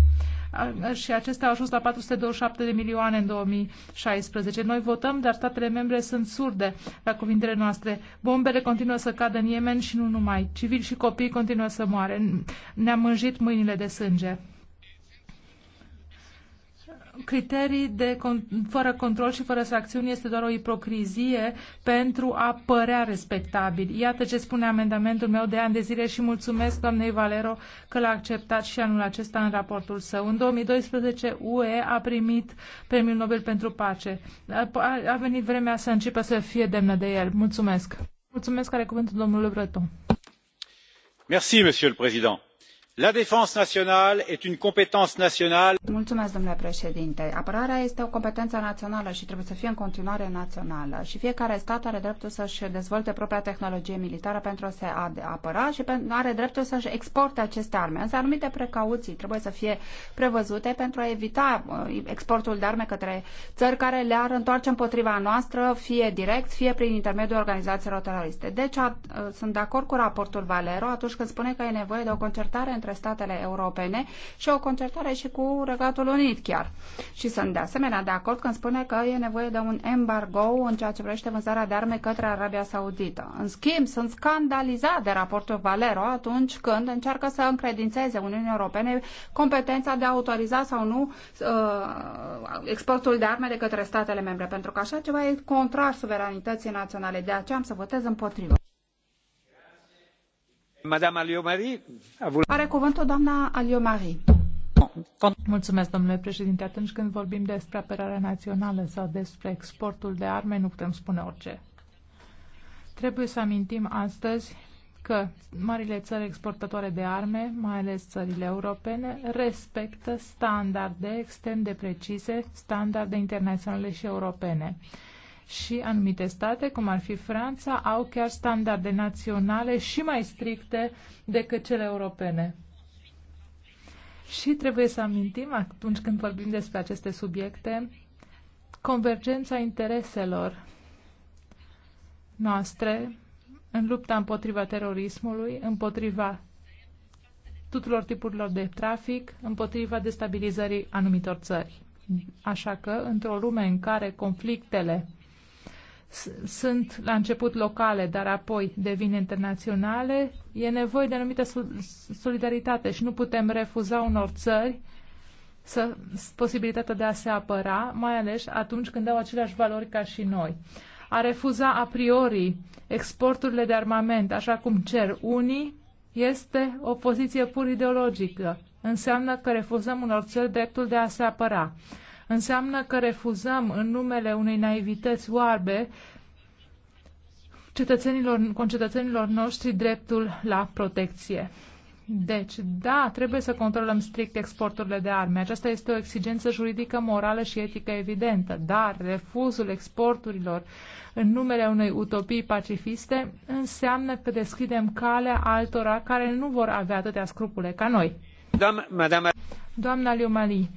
S6: și acesta a ajuns la 427 de milioane în 2016. Noi votăm, dar statele membre sunt surde la cuvintele noastre. Bombele continuă să cadă în Yemen și nu numai. Civili și copii continuă să moare. Ne-am mânjit mâinile de sânge criterii de con- fără control și fără sancțiuni este doar o ipocrizie pentru a părea respectabil. Iată ce spune amendamentul meu de ani de zile și mulțumesc doamnei Valero că l-a acceptat și anul acesta în raportul său. În 2012 UE a primit Premiul Nobel pentru Pace. A, venit vremea să înceapă să fie demnă de el. Mulțumesc. Mulțumesc, are cuvântul
S5: domnul Breton.
S2: Merci, monsieur le président la défense nationale est une compétence nationale.
S5: Mulțumesc, domnule președinte. Apărarea este o competență națională și trebuie să fie în continuare națională. Și fiecare stat are dreptul să-și dezvolte propria tehnologie militară pentru a se apăra și are dreptul să-și exporte aceste arme. Însă anumite precauții trebuie să fie prevăzute pentru a evita uh, exportul de arme către țări care le-ar întoarce împotriva noastră, fie direct, fie prin intermediul organizațiilor teroriste. Deci uh, sunt de acord cu raportul Valero atunci când spune că e nevoie de o concertare între între statele europene și o concertare și cu Regatul Unit chiar. Și sunt de asemenea de acord când spune că e nevoie de un embargo în ceea ce privește vânzarea de arme către Arabia Saudită. În schimb, sunt scandalizat de raportul Valero atunci când încearcă să încredințeze Uniunii Europene competența de a autoriza sau nu uh, exportul de arme de către statele membre, pentru că așa ceva e contrar suveranității naționale. De aceea am să votez împotriva cuvântul
S6: Mulțumesc, domnule președinte. Atunci când vorbim despre apărarea națională sau despre exportul de arme, nu putem spune orice. Trebuie să amintim astăzi că marile țări exportatoare de arme, mai ales țările europene, respectă standarde extrem de precise, standarde internaționale și europene și anumite state, cum ar fi Franța, au chiar standarde naționale și mai stricte decât cele europene. Și trebuie să amintim, atunci când vorbim despre aceste subiecte, convergența intereselor noastre în lupta împotriva terorismului, împotriva tuturor tipurilor de trafic, împotriva destabilizării anumitor țări. Așa că, într-o lume în care conflictele sunt la început locale, dar apoi devin internaționale, e nevoie de anumită solidaritate și nu putem refuza unor țări să, posibilitatea de a se apăra, mai ales atunci când au aceleași valori ca și noi. A refuza a priori exporturile de armament, așa cum cer unii, este o poziție pur ideologică. Înseamnă că refuzăm unor țări dreptul de a se apăra. Înseamnă că refuzăm în numele unei naivități oarbe cetățenilor, concetățenilor noștri dreptul la protecție. Deci, da, trebuie să controlăm strict exporturile de arme. Aceasta este o exigență juridică, morală și etică evidentă, dar refuzul exporturilor în numele unei utopii pacifiste înseamnă că deschidem calea altora care nu vor avea atâtea scrupule ca noi.
S4: Doamna, madame...
S6: Doamna Liumali.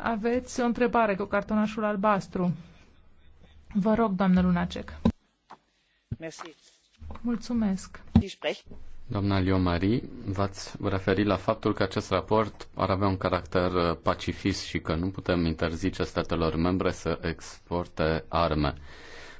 S6: Aveți o întrebare cu cartonașul albastru. Vă rog, doamnă Lunacek. Merci. Mulțumesc.
S3: Doamna Marie, v-ați referit la faptul că acest raport ar avea un caracter uh, pacifist și că nu putem interzice statelor membre să exporte arme.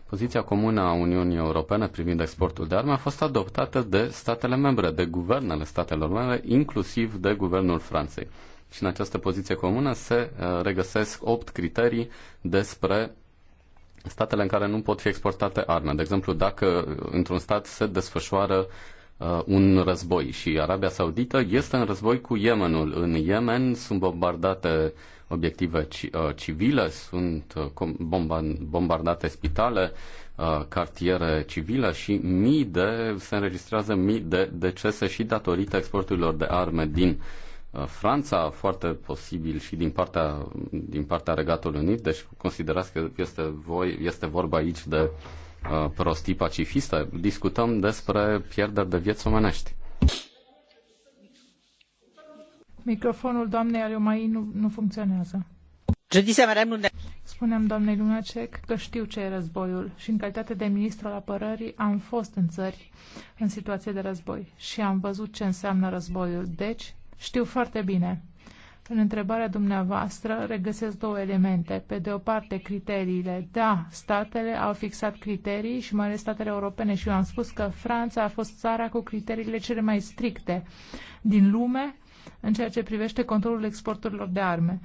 S3: Poziția comună a Uniunii Europene privind exportul de arme a fost adoptată de statele membre, de guvernele statelor membre, inclusiv de guvernul Franței. Și în această poziție comună se uh, regăsesc opt criterii despre statele în care nu pot fi exportate arme. De exemplu, dacă uh, într-un stat se desfășoară uh, un război și Arabia Saudită este în război cu Yemenul. În Yemen sunt bombardate obiective civile, sunt bombardate spitale, cartiere civile și mii de, se înregistrează mii de decese și datorită exporturilor de arme din uh, Uh, Franța, foarte posibil și din partea, din partea Regatului Unit, deci considerați că este, voi, este vorba aici de uh, prostii pacifiste. Discutăm despre pierderi de vieți omenești.
S6: Microfonul doamnei Ariomai nu, nu funcționează. Spuneam doamnei Lunacek că știu ce e războiul și în calitate de ministru al apărării am fost în țări în situație de război și am văzut ce înseamnă războiul. Deci știu foarte bine. În întrebarea dumneavoastră regăsesc două elemente. Pe de o parte, criteriile. Da, statele au fixat criterii și mai ales statele europene și eu am spus că Franța a fost țara cu criteriile cele mai stricte din lume în ceea ce privește controlul exporturilor de arme.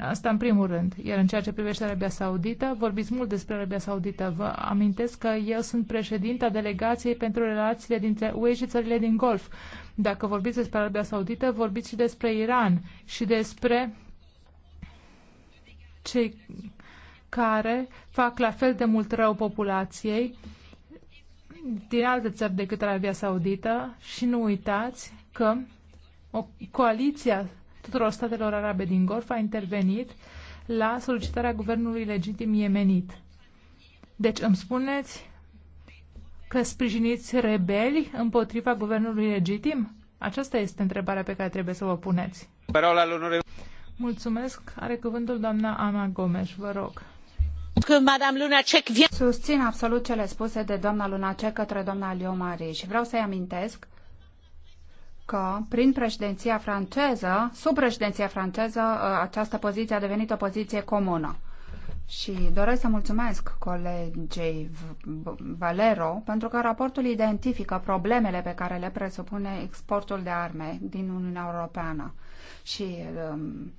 S6: asta în primul rând. Iar în ceea ce privește Arabia Saudită, vorbiți mult despre Arabia Saudită. Vă amintesc că eu sunt președinta delegației pentru relațiile dintre UE și țările din Golf. Dacă vorbiți despre Arabia Saudită, vorbiți și despre Iran și despre cei care fac la fel de mult rău populației din alte țări decât Arabia Saudită și nu uitați că o coaliția tuturor statelor arabe din Golf a intervenit la solicitarea guvernului legitim iemenit. Deci îmi spuneți că sprijiniți rebeli împotriva guvernului legitim? Aceasta este întrebarea pe care trebuie să vă puneți. Parola
S5: Mulțumesc. Are cuvântul doamna Ana Gomes. Vă rog. Susțin absolut cele spuse de doamna Lunacek către doamna Marie și vreau să-i amintesc că prin președinția franceză, sub președinția franceză, ă, această poziție a devenit o poziție comună. Și doresc să mulțumesc colegei Valero pentru că raportul identifică problemele pe care le presupune exportul de arme din Uniunea Europeană. Și um,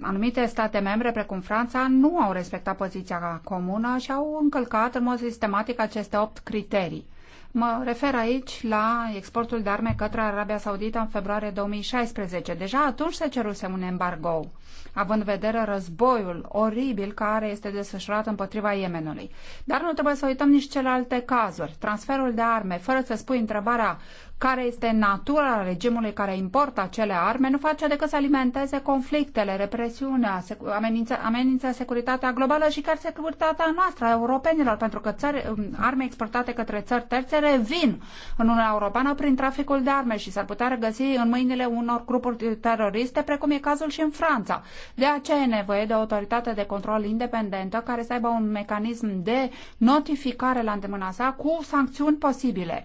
S5: anumite state membre, precum Franța, nu au respectat poziția comună și au încălcat în mod sistematic aceste opt criterii. Mă refer aici la exportul de arme către Arabia Saudită în februarie 2016. Deja atunci se ceruse un embargo, având în vedere războiul oribil care este desfășurat împotriva Yemenului. Dar nu trebuie să uităm nici celelalte cazuri. Transferul de arme, fără să spui întrebarea care este natura regimului care importă acele arme, nu face decât să alimenteze conflictele, represiunea, amenință, amenință securitatea globală și chiar securitatea noastră a europenilor, pentru că țări, um, arme exportate către țări terțe revin în Uniunea Europeană prin traficul de arme și s-ar putea regăsi în mâinile unor grupuri teroriste, precum e cazul și în Franța. De aceea e nevoie de o autoritate de control independentă care să aibă un mecanism de notificare la îndemâna sa cu sancțiuni posibile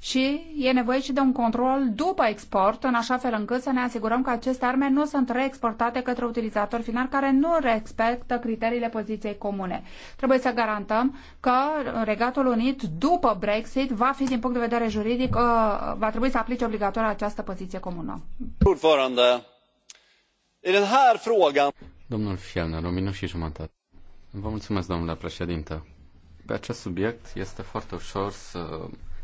S5: și e nevoie și de un control după export, în așa fel încât să ne asigurăm că aceste arme nu sunt reexportate către utilizatori final care nu respectă criteriile poziției comune. Trebuie să garantăm că Regatul Unit, după Brexit, va fi, din punct de vedere juridic, uh, va trebui să aplice obligatoriu această poziție comună.
S3: Domnul Fielner, o minut și jumătate. Vă mulțumesc, domnule președinte. Pe acest subiect este foarte ușor să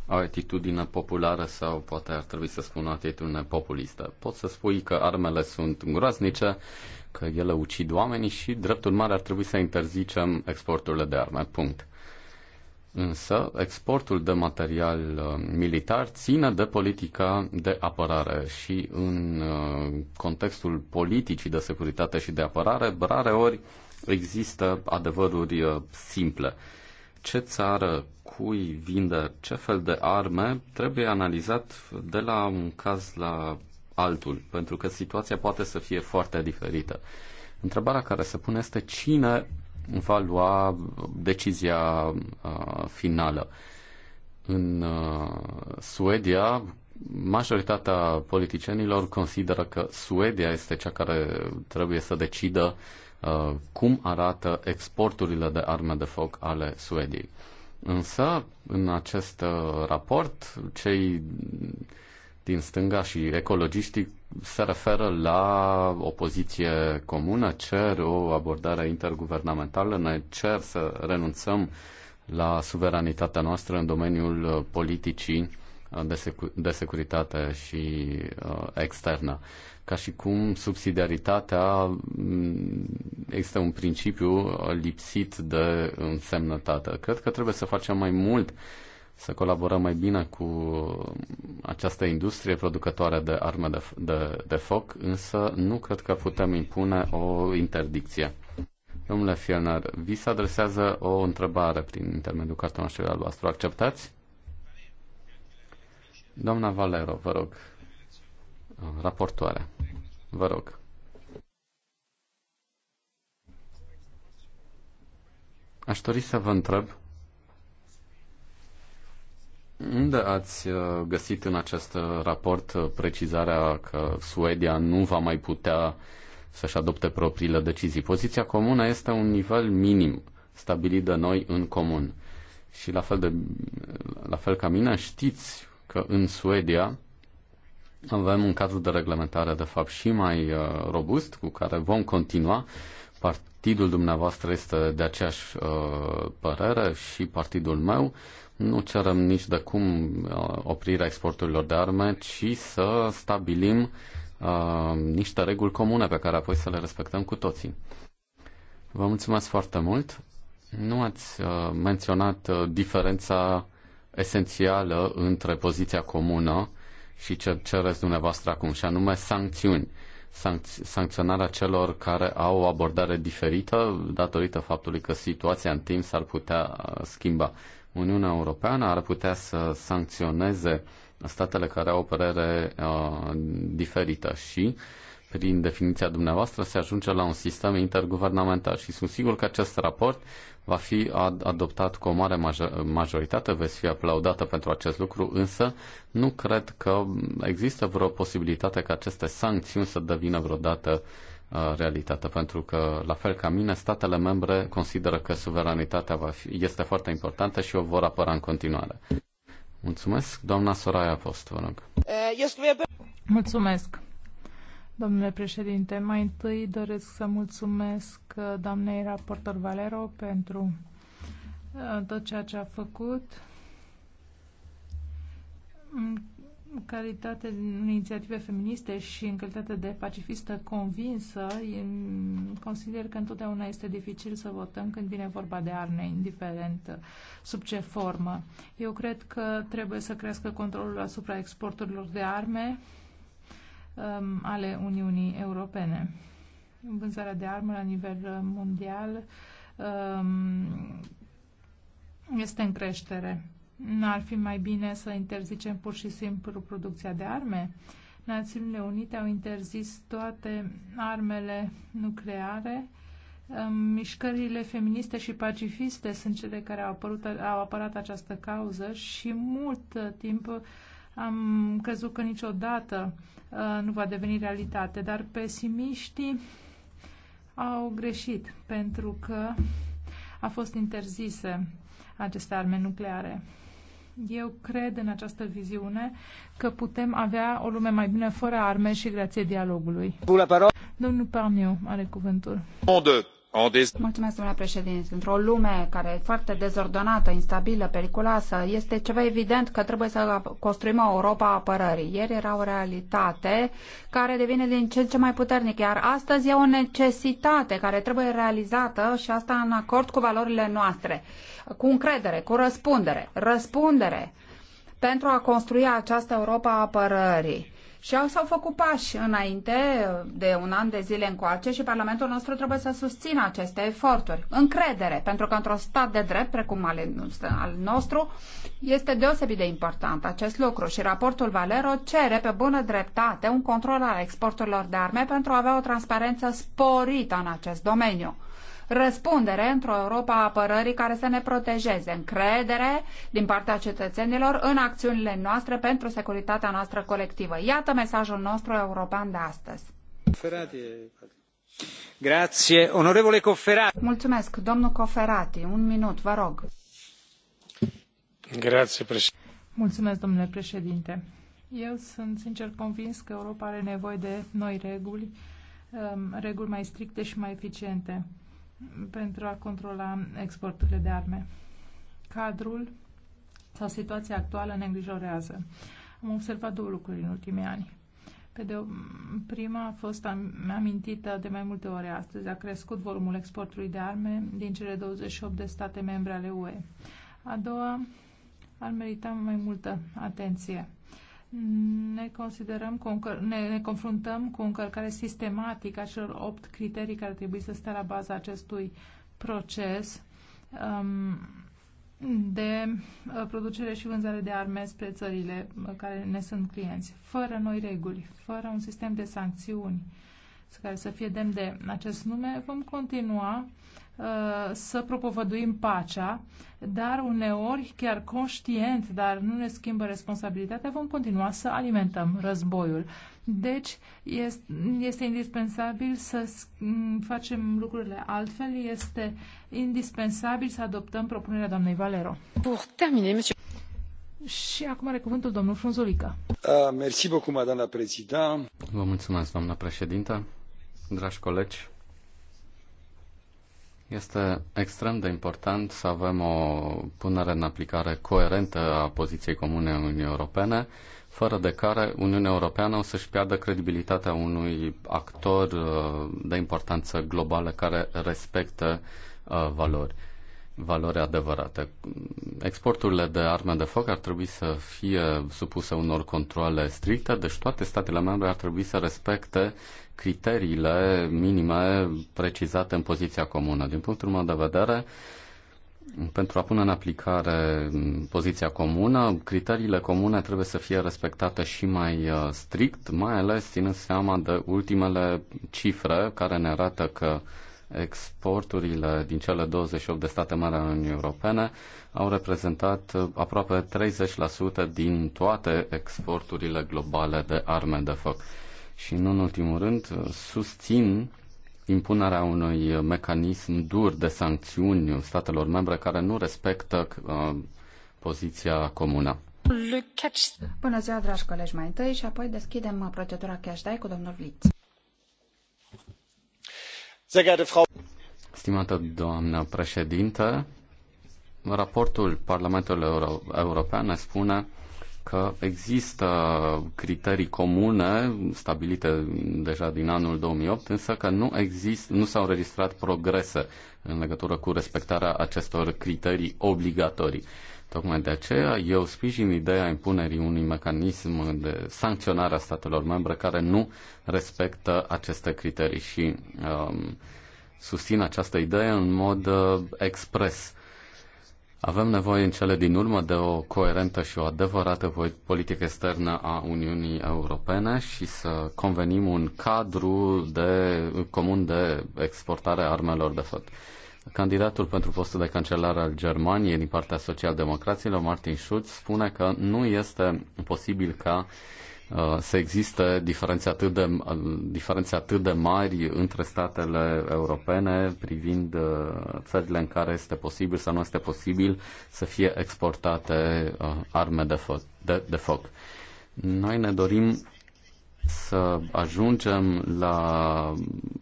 S3: o atitudine populară sau poate ar trebui să spun o atitudine populistă. Poți să spui că armele sunt groaznice, că ele ucid oamenii și, drept urmare, ar trebui să interzicem exporturile de arme. Punct. Însă, exportul de material uh, militar ține de politica de apărare și în uh, contextul politicii de securitate și de apărare, rare ori există adevăruri uh, simple ce țară cui vinde ce fel de arme trebuie analizat de la un caz la altul, pentru că situația poate să fie foarte diferită. Întrebarea care se pune este cine va lua decizia uh, finală. În uh, Suedia, majoritatea politicienilor consideră că Suedia este cea care trebuie să decidă uh, Uh, cum arată exporturile de arme de foc ale Suediei. Însă, în acest uh, raport, cei din stânga și ecologiștii se referă la o poziție comună, cer o abordare interguvernamentală, ne cer să renunțăm la suveranitatea noastră în domeniul uh, politicii de, secu- de securitate și uh, externă ca și cum subsidiaritatea este un principiu lipsit de însemnătate. Cred că trebuie să facem mai mult, să colaborăm mai bine cu această industrie producătoare de arme de, de, de foc, însă nu cred că putem impune o interdicție. Domnule Fielner, vi se adresează o întrebare prin intermediul cartonașului albastru. Acceptați? Doamna Valero, vă rog raportoare. Vă rog. Aș dori să vă întreb unde ați uh, găsit în acest uh, raport uh, precizarea că Suedia nu va mai putea să-și adopte propriile decizii? Poziția comună este un nivel minim stabilit de noi în comun. Și la fel, de, la fel ca mine, știți că în Suedia avem un cadru de reglementare, de fapt, și mai uh, robust, cu care vom continua. Partidul dumneavoastră este de aceeași uh, părere și partidul meu. Nu cerem nici de cum uh, oprirea exporturilor de arme, ci să stabilim uh, niște reguli comune pe care apoi să le respectăm cu toții. Vă mulțumesc foarte mult. Nu ați uh, menționat uh, diferența esențială între poziția comună și ce cereți dumneavoastră acum, și anume sancțiuni. Sanc- sancționarea celor care au o abordare diferită datorită faptului că situația în timp s-ar putea uh, schimba. Uniunea Europeană ar putea să sancționeze statele care au o părere uh, diferită și prin definiția dumneavoastră, se ajunge la un sistem interguvernamental și sunt sigur că acest raport va fi adoptat cu o mare majoritate, veți fi aplaudată pentru acest lucru, însă nu cred că există vreo posibilitate ca aceste sancțiuni să devină vreodată uh, realitate, pentru că, la fel ca mine, statele membre consideră că suveranitatea va fi, este foarte importantă și o vor apăra în continuare. Mulțumesc, doamna Soraya Post, vă rog.
S6: Mulțumesc. Domnule președinte, mai întâi doresc să mulțumesc uh, doamnei raportor Valero pentru uh, tot ceea ce a făcut în calitate de inițiative feministe și în calitate de pacifistă convinsă, consider că întotdeauna este dificil să votăm când vine vorba de arme, indiferent uh, sub ce formă. Eu cred că trebuie să crească controlul asupra exporturilor de arme, um, ale Uniunii Europene. Vânzarea de armă la nivel uh, mondial um, este în creștere. N-ar fi mai bine să interzicem pur și simplu producția de arme? Națiunile Unite au interzis toate armele nucleare. Um, mișcările feministe și pacifiste sunt cele care au, apărut, au apărat această cauză și mult uh, timp am crezut că niciodată uh, nu va deveni realitate, dar pesimiștii au greșit pentru că a fost interzise aceste arme nucleare. Eu cred în această viziune că putem avea o lume mai bună fără arme și grație dialogului. Domnul
S5: Parniu are cuvântul domnule Într-o lume care e foarte dezordonată, instabilă, periculoasă, este ceva evident că trebuie să construim o Europa a apărării. Ieri era o realitate care devine din ce în ce mai puternică, iar astăzi e o necesitate care trebuie realizată și asta în acord cu valorile noastre, cu încredere, cu răspundere. Răspundere pentru a construi această Europa a apărării și au, s-au făcut pași înainte de un an de zile încoace și Parlamentul nostru trebuie să susțină aceste eforturi. Încredere, pentru că într-un stat de drept, precum al, al nostru, este deosebit de important acest lucru și raportul Valero cere pe bună dreptate un control al exporturilor de arme pentru a avea o transparență sporită în acest domeniu răspundere într-o Europa a apărării care să ne protejeze, încredere din partea cetățenilor în acțiunile noastre pentru securitatea noastră colectivă. Iată mesajul nostru european de astăzi. Grazie. Onorevole Cofferati. Mulțumesc, domnul Cofferati. Un minut, vă rog.
S3: Grazie, președinte.
S5: Mulțumesc, domnule președinte.
S6: Eu sunt sincer convins că Europa are nevoie de noi reguli, um, reguli mai stricte și mai eficiente pentru a controla exporturile de arme. Cadrul sau situația actuală ne îngrijorează. Am observat două lucruri în ultimii ani. Pe de o, prima a fost amintită de mai multe ori astăzi. A crescut volumul exportului de arme din cele 28 de state membre ale UE. A doua ar merita mai multă atenție ne considerăm cu ne, ne confruntăm cu încărcare sistematică a celor opt criterii care trebuie să stea la baza acestui proces um, de uh, producere și vânzare de arme spre țările uh, care ne sunt clienți. Fără noi reguli, fără un sistem de sancțiuni care să fie demn de acest nume, vom continua Uh, să propovăduim pacea, dar uneori, chiar conștient, dar nu ne schimbă responsabilitatea, vom continua să alimentăm războiul. Deci, este, este indispensabil să facem lucrurile altfel, este indispensabil să adoptăm propunerea doamnei Valero. Pour terminer, monsieur... Și acum are cuvântul domnul Frunzulică.
S3: Uh, merci beaucoup, madame la Vă mulțumesc, doamna președintă. Dragi colegi, este extrem de important să avem o punere în aplicare coerentă a poziției comune a Uniunii Europene, fără de care Uniunea Europeană o să-și piardă credibilitatea unui actor uh, de importanță globală care respectă uh, valori valoare adevărată. Exporturile de arme de foc ar trebui să fie supuse unor controle stricte, deci toate statele membre ar trebui să respecte criteriile minime precizate în poziția comună. Din punctul meu de vedere, pentru a pune în aplicare poziția comună, criteriile comune trebuie să fie respectate și mai uh, strict, mai ales ținând seama de ultimele cifre care ne arată că exporturile din cele 28 de state mari ale Uniunii Europene au reprezentat aproape 30% din toate exporturile globale de arme de foc. Și nu în ultimul rând, susțin impunerea unui mecanism dur de sancțiuni statelor membre care nu respectă uh, poziția comună.
S5: Bună ziua, dragi colegi, mai întâi și apoi deschidem procedura cash cu domnul Vliț.
S3: Stimată doamnă președintă, raportul Parlamentului Euro- European ne spune că există criterii comune stabilite deja din anul 2008, însă că nu, exist, nu s-au înregistrat progrese în legătură cu respectarea acestor criterii obligatorii. Tocmai de aceea eu sprijin ideea impunerii unui mecanism de sancționare a statelor membre care nu respectă aceste criterii și um, susțin această idee în mod uh, expres. Avem nevoie în cele din urmă de o coerentă și o adevărată politică externă a Uniunii Europene și să convenim un cadru de, comun de exportare a armelor de foc. Candidatul pentru postul de cancelar al Germaniei din partea socialdemocraților, Martin Schulz, spune că nu este posibil ca uh, să existe diferențe atât, de, diferențe atât de mari între statele europene privind uh, țările în care este posibil sau nu este posibil să fie exportate uh, arme de foc. De, de foc. Noi ne dorim să ajungem la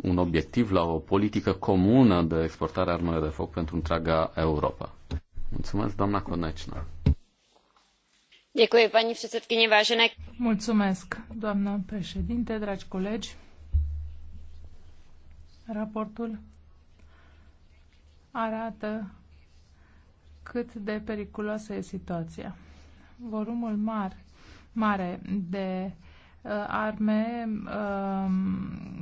S3: un obiectiv, la o politică comună de exportare a armelor de foc pentru întreaga Europa. Mulțumesc, doamna Conecina.
S1: Děkuji, paní předsedkyně, vážené.
S6: Mulțumesc, doamna președinte, dragi colegi. Raportul arată cât de periculoasă e situația. Volumul mare, mare de Uh, arme um,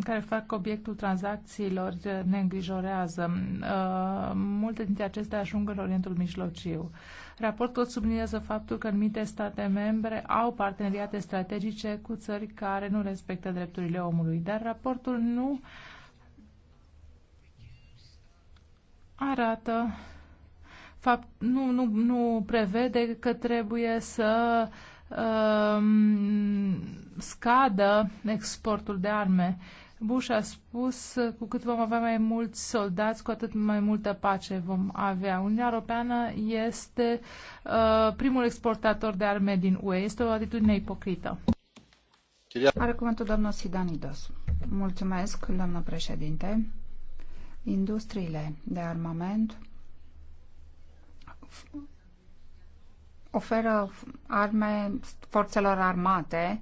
S6: care fac obiectul tranzacțiilor uh, ne îngrijorează. Uh, multe dintre acestea ajung în Orientul Mijlociu. Raportul subliniază faptul că anumite state membre au parteneriate strategice cu țări care nu respectă drepturile omului, dar raportul nu arată fapt, nu, nu, nu prevede că trebuie să uh, Um, scadă exportul de arme. Bush a spus cu cât vom avea mai mulți soldați, cu atât mai multă pace vom avea. Uniunea Europeană este uh, primul exportator de arme din UE. Este o atitudine ipocrită.
S5: Are cuvântul doamna Sidanidos. Mulțumesc, doamnă președinte. Industriile de armament oferă arme forțelor armate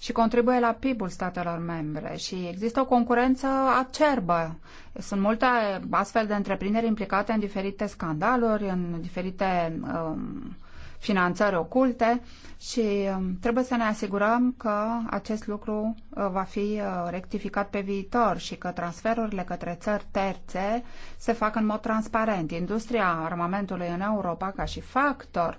S5: și contribuie la PIB-ul statelor membre și există o concurență acerbă. Sunt multe astfel de întreprinderi implicate în diferite scandaluri, în diferite um, finanțări oculte și um, trebuie să ne asigurăm că acest lucru uh, va fi uh, rectificat pe viitor și că transferurile către țări terțe se fac în mod transparent. Industria armamentului în Europa, ca și factor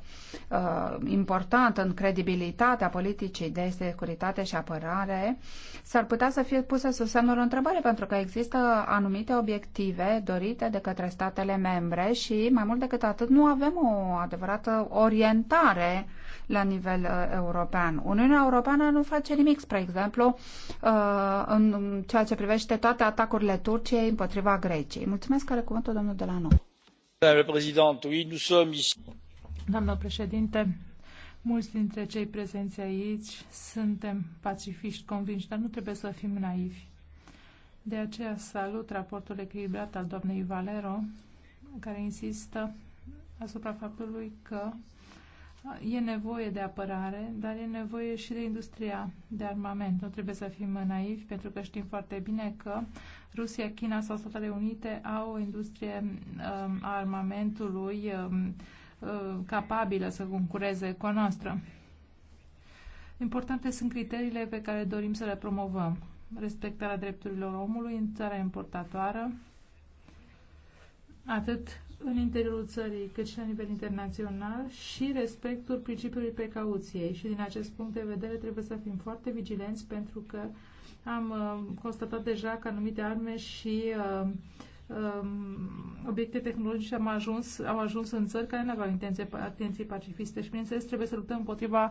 S5: uh, important în credibilitatea politicii de securitate și apărare, s-ar putea să fie pusă sub semnul întrebării, pentru că există anumite obiective dorite de către statele membre și, mai mult decât atât, nu avem o adevărată orientare reglementare la nivel uh, european. Uniunea Europeană nu face nimic, spre exemplu, uh, în ceea ce privește toate atacurile Turciei împotriva Greciei. Mulțumesc, care cuvântul domnul noi. Doamna președinte, mulți dintre cei prezenți aici
S6: suntem pacifiști convinși, dar nu trebuie să fim naivi. De aceea salut raportul echilibrat al doamnei Valero, care insistă asupra faptului că E nevoie de apărare, dar e nevoie și de industria de armament. Nu trebuie să fim naivi, pentru că știm foarte bine că Rusia, China sau Statele Unite au o industrie um, a armamentului um, uh, capabilă să concureze cu a noastră. Importante sunt criteriile pe care dorim să le promovăm. Respectarea drepturilor omului în țara importatoară, atât în interiorul țării, cât și la nivel internațional și respectul principiului precauției. Și din acest punct de vedere trebuie să fim foarte vigilenți pentru că am uh, constatat deja că anumite arme și uh, um, obiecte tehnologice am ajuns, au ajuns în țări care nu aveau intenție, intenții pacifiste și, bineînțeles, trebuie să luptăm împotriva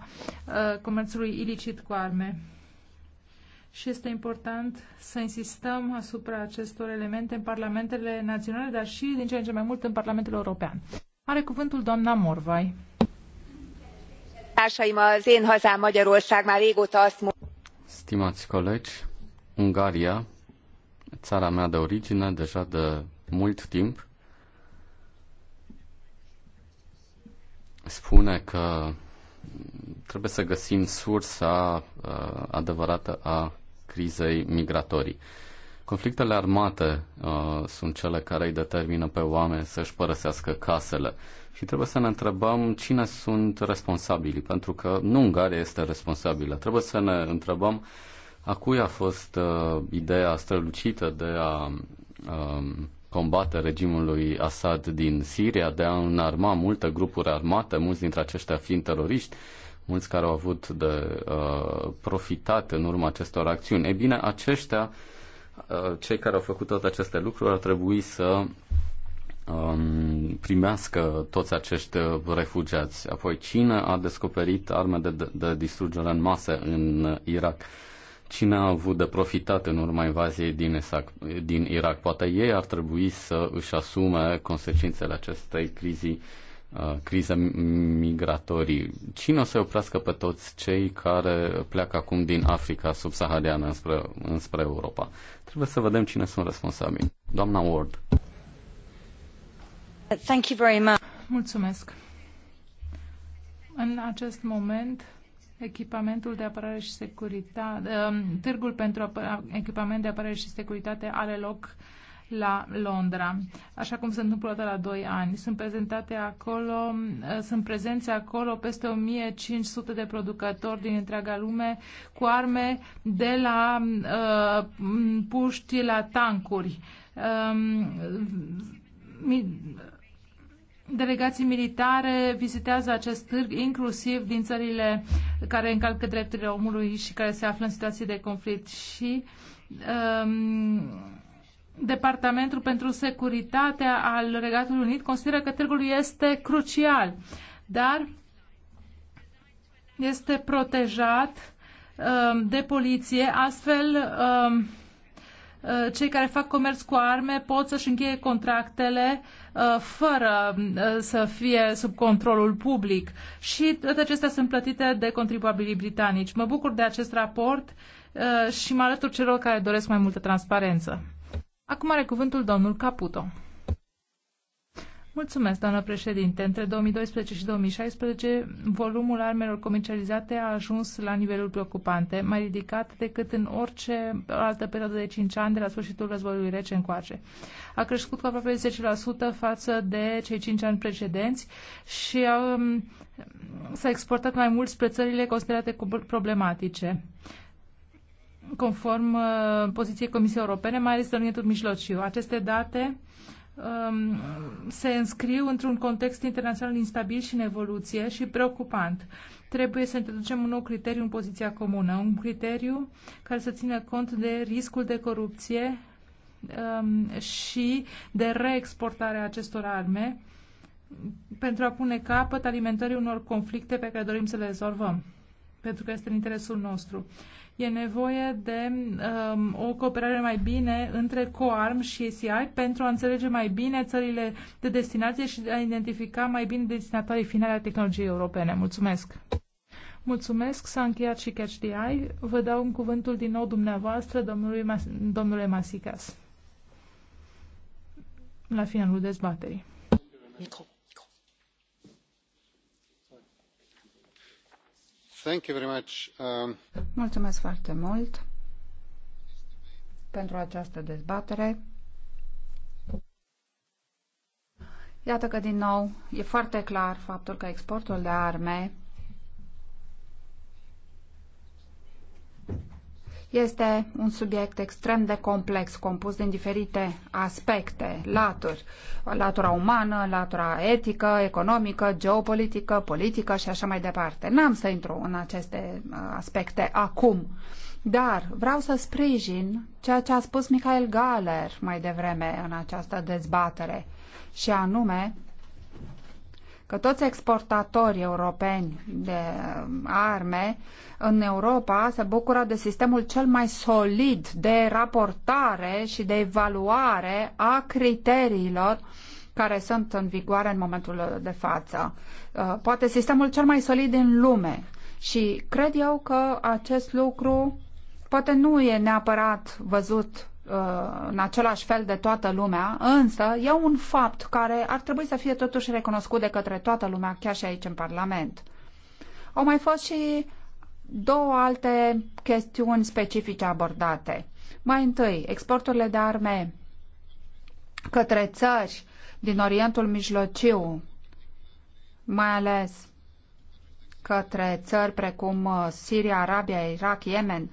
S6: uh, comerțului ilicit cu arme și este important să insistăm asupra acestor elemente în parlamentele naționale, dar și din ce în ce mai mult în Parlamentul European. Are cuvântul doamna Morvai.
S3: Stimați colegi, Ungaria, țara mea de origine, deja de mult timp, spune că trebuie să găsim sursa uh, adevărată a crizei migratorii. Conflictele armate uh, sunt cele care îi determină pe oameni să-și părăsească casele. Și trebuie să ne întrebăm cine sunt responsabili, pentru că nu Ungaria este responsabilă. Trebuie să ne întrebăm a cui a fost uh, ideea strălucită de a uh, combate regimul lui Assad din Siria, de a înarma multe grupuri armate, mulți dintre aceștia fiind teroriști. Uh, mulți care au avut de uh, profitat în urma acestor acțiuni. Ei bine, aceștia, uh, cei care au făcut toate aceste lucruri, ar trebui să um, primească toți acești refugiați. Apoi, cine a descoperit arme de, de distrugere în masă în Irak? Cine a avut de profitat în urma invaziei din, Isaac, din Irak? Poate ei ar trebui să își asume consecințele acestei crizii Uh, criza migratorii. Cine o să oprească pe toți cei care pleacă acum din Africa subsahariană înspre, înspre Europa? Trebuie să vedem cine sunt responsabili. Doamna Ward.
S4: Thank you very much.
S6: Mulțumesc. În acest moment, echipamentul de apărare și securitate, uh, târgul pentru echipament de apărare și securitate are loc uh, la Londra, așa cum se întâmplă la 2 ani. Sunt prezentate acolo, eh, sunt prezenți acolo peste 1500 de producători din întreaga lume cu arme de la uh, puști la tancuri. Um, mi Delegații militare vizitează acest târg, inclusiv din țările care încalcă drepturile omului și care se află în situații de conflict. Și um, Departamentul pentru Securitate al Regatului Unit consideră că târgul este crucial, dar este protejat um, de poliție, astfel um, uh, cei care fac comerț cu arme pot să-și încheie contractele uh, fără uh, să fie sub controlul public și toate acestea sunt plătite de contribuabilii britanici. Mă bucur de acest raport și mă alătur celor care doresc mai multă transparență. Acum are cuvântul domnul Caputo. Mulțumesc, doamnă președinte. Între 2012 și 2016, volumul armelor comercializate a ajuns la niveluri preocupante, mai ridicat decât în orice altă perioadă de 5 ani de la sfârșitul războiului rece încoace. A crescut cu aproape 10% față de cei 5 ani precedenți și um, s-a exportat mai mult spre țările considerate problematice conform uh, poziției Comisiei Europene, mai ales Lănuietul Mijlociu. Aceste date um, se înscriu într-un context internațional instabil și în evoluție și preocupant. Trebuie să introducem un nou criteriu în poziția comună, un criteriu care să țină cont de riscul de corupție um, și de reexportarea acestor arme pentru a pune capăt alimentării unor conflicte pe care dorim să le rezolvăm, pentru că este în interesul nostru. E nevoie de um, o cooperare mai bine între COARM și ACI pentru a înțelege mai bine țările de destinație și a identifica mai bine destinatorii finale a tehnologiei europene. Mulțumesc! Mulțumesc, s-a încheiat și Catch the Eye. Vă dau un cuvântul din nou dumneavoastră, domnului Mas- domnule Masicas, la finalul dezbaterii.
S3: Micro. Um,
S5: Mulțumesc foarte mult pentru această dezbatere. Iată că, din nou, e foarte clar faptul că exportul de arme Este un subiect extrem de complex, compus din diferite aspecte, laturi, latura umană, latura etică, economică, geopolitică, politică și așa mai departe. N-am să intru în aceste uh, aspecte acum, dar vreau să sprijin ceea ce a spus Michael Galer mai devreme în această dezbatere, și anume că toți exportatorii europeni de arme în Europa se bucură de sistemul cel mai solid de raportare și de evaluare a criteriilor care sunt în vigoare în momentul de față. Uh, poate sistemul cel mai solid din lume. Și cred eu că acest lucru poate nu e neapărat văzut Uh, în același fel de toată lumea, însă e un fapt care ar trebui să fie totuși recunoscut de către toată lumea, chiar și aici în Parlament. Au mai fost și două alte chestiuni specifice abordate. Mai întâi, exporturile de arme către țări din Orientul Mijlociu, mai ales către țări precum uh, Siria, Arabia, Irak, Yemen,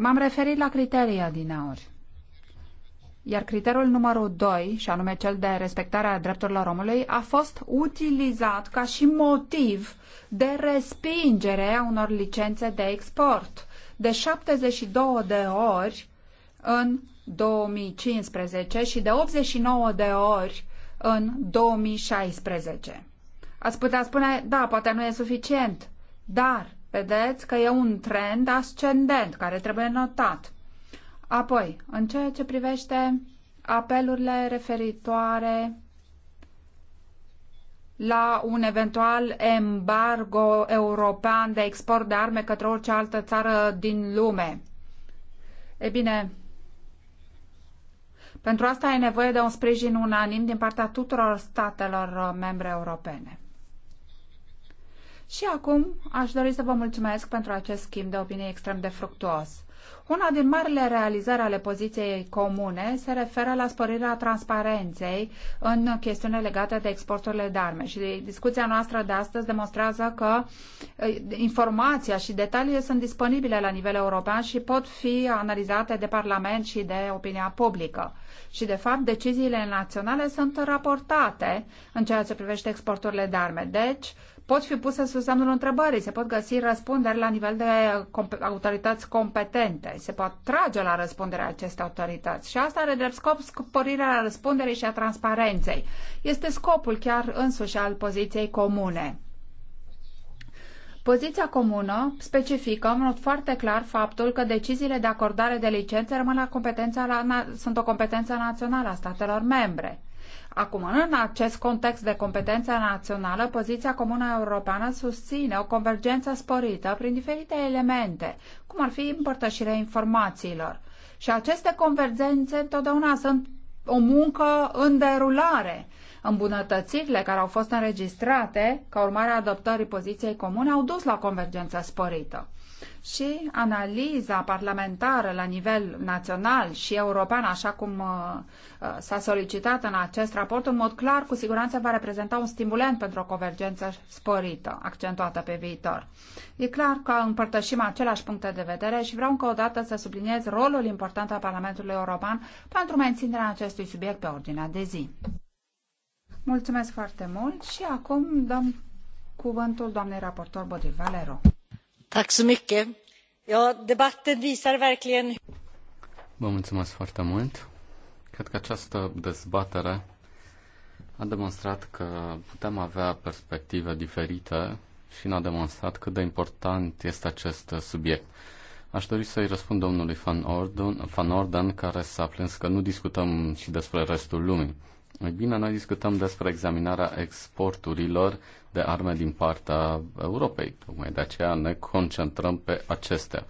S5: M-am referit la criterii din aur. Iar criteriul numărul 2, și anume cel de respectarea drepturilor omului, a fost utilizat ca și motiv de respingere a unor licențe de export de 72 de ori în 2015 și de 89 de ori în 2016. Ați putea spune, da, poate nu e suficient, dar Vedeți că e un trend ascendent care trebuie notat. Apoi, în ceea ce privește apelurile referitoare la un eventual embargo european de export de arme către orice altă țară din lume. E bine, pentru asta e nevoie de un sprijin unanim din partea tuturor statelor membre europene. Și acum aș dori să vă mulțumesc pentru acest schimb de opinie extrem de fructuos. Una din marile realizări ale poziției comune se referă la sporirea transparenței în chestiune legate de exporturile de arme și discuția noastră de astăzi demonstrează că eh, informația și detaliile sunt disponibile la nivel european și pot fi analizate de Parlament și de opinia publică. Și, de fapt, deciziile naționale sunt raportate în ceea ce privește exporturile de arme. Deci, pot fi puse sub semnul întrebării, se pot găsi răspunderi la nivel de autorități competente, se pot trage la răspunderea acestei autorități și asta are drept scop sporirea răspunderii și a transparenței. Este scopul chiar însuși al poziției comune. Poziția comună specifică în mod foarte clar faptul că deciziile de acordare de licențe rămân la competența la, sunt o competență națională a statelor membre. Acum, în acest context de competență națională, poziția comună europeană susține o convergență sporită prin diferite elemente, cum ar fi împărtășirea informațiilor. Și aceste convergențe întotdeauna sunt o muncă în derulare. Îmbunătățirile care au fost înregistrate ca urmare a adoptării poziției comune au dus la convergență sporită și analiza parlamentară la nivel național și european, așa cum uh, uh, s-a solicitat în acest raport, în mod clar, cu siguranță va reprezenta un stimulant pentru o convergență sporită, accentuată pe viitor. E clar că împărtășim același puncte de vedere și vreau încă o dată să subliniez rolul important al Parlamentului European pentru menținerea acestui subiect pe ordinea de zi. Mulțumesc foarte mult și acum dăm cuvântul doamnei raportor Bodil Valero.
S3: Vă mulțumesc foarte mult. Cred că această dezbatere a demonstrat că putem avea perspective diferite și ne-a demonstrat cât de important este acest subiect. Aș dori să-i răspund domnului Van Orden, Van Orden care s-a plâns că nu discutăm și despre restul lumii. Mai bine, noi discutăm despre examinarea exporturilor de arme din partea Europei. Tocmai de aceea ne concentrăm pe acestea.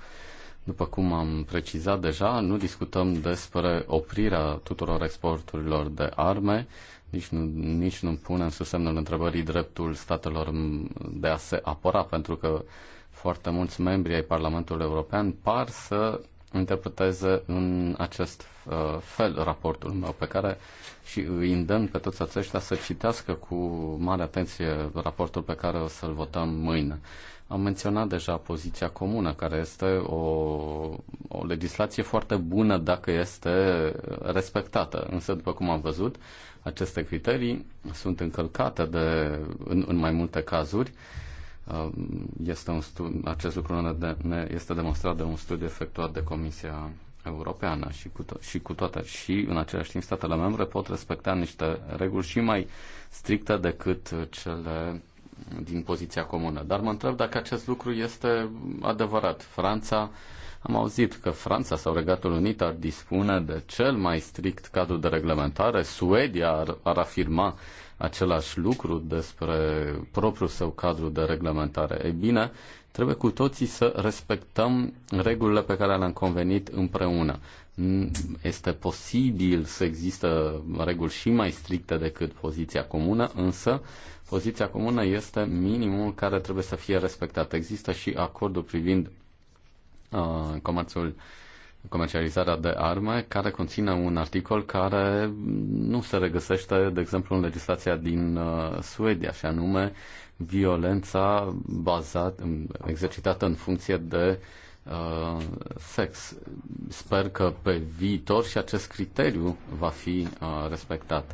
S3: După cum am precizat deja, nu discutăm despre oprirea tuturor exporturilor de arme, nici nu, nici nu punem sub semnul întrebării dreptul statelor de a se apăra, pentru că foarte mulți membri ai Parlamentului European par să interpreteze în acest Uh, fel raportul meu pe care și îi îndemn pe toți aceștia să citească cu mare atenție raportul pe care o să-l votăm mâine. Am menționat deja poziția comună, care este o, o legislație foarte bună dacă este respectată. Însă, după cum am văzut, aceste criterii sunt încălcate de, în, în mai multe cazuri. Uh, este un studi- acest lucru ne, ne este demonstrat de un studiu efectuat de Comisia europeană și cu, to- și cu toate și în același timp statele membre pot respecta niște reguli și mai stricte decât cele din poziția comună. Dar mă întreb dacă acest lucru este adevărat. Franța, am auzit că Franța sau Regatul Unit ar dispune de cel mai strict cadru de reglementare, Suedia ar, ar afirma același lucru despre propriul său cadru de reglementare. E bine, Trebuie cu toții să respectăm regulile pe care le-am convenit împreună. Este posibil să există reguli și mai stricte decât poziția comună, însă poziția comună este minimul care trebuie să fie respectat. Există și acordul privind uh, comerțul comercializarea de arme, care conține un articol care nu se regăsește, de exemplu, în legislația din uh, Suedia, și anume violența bazat, exercitată în funcție de uh, sex. Sper că pe viitor și acest criteriu va fi uh, respectat.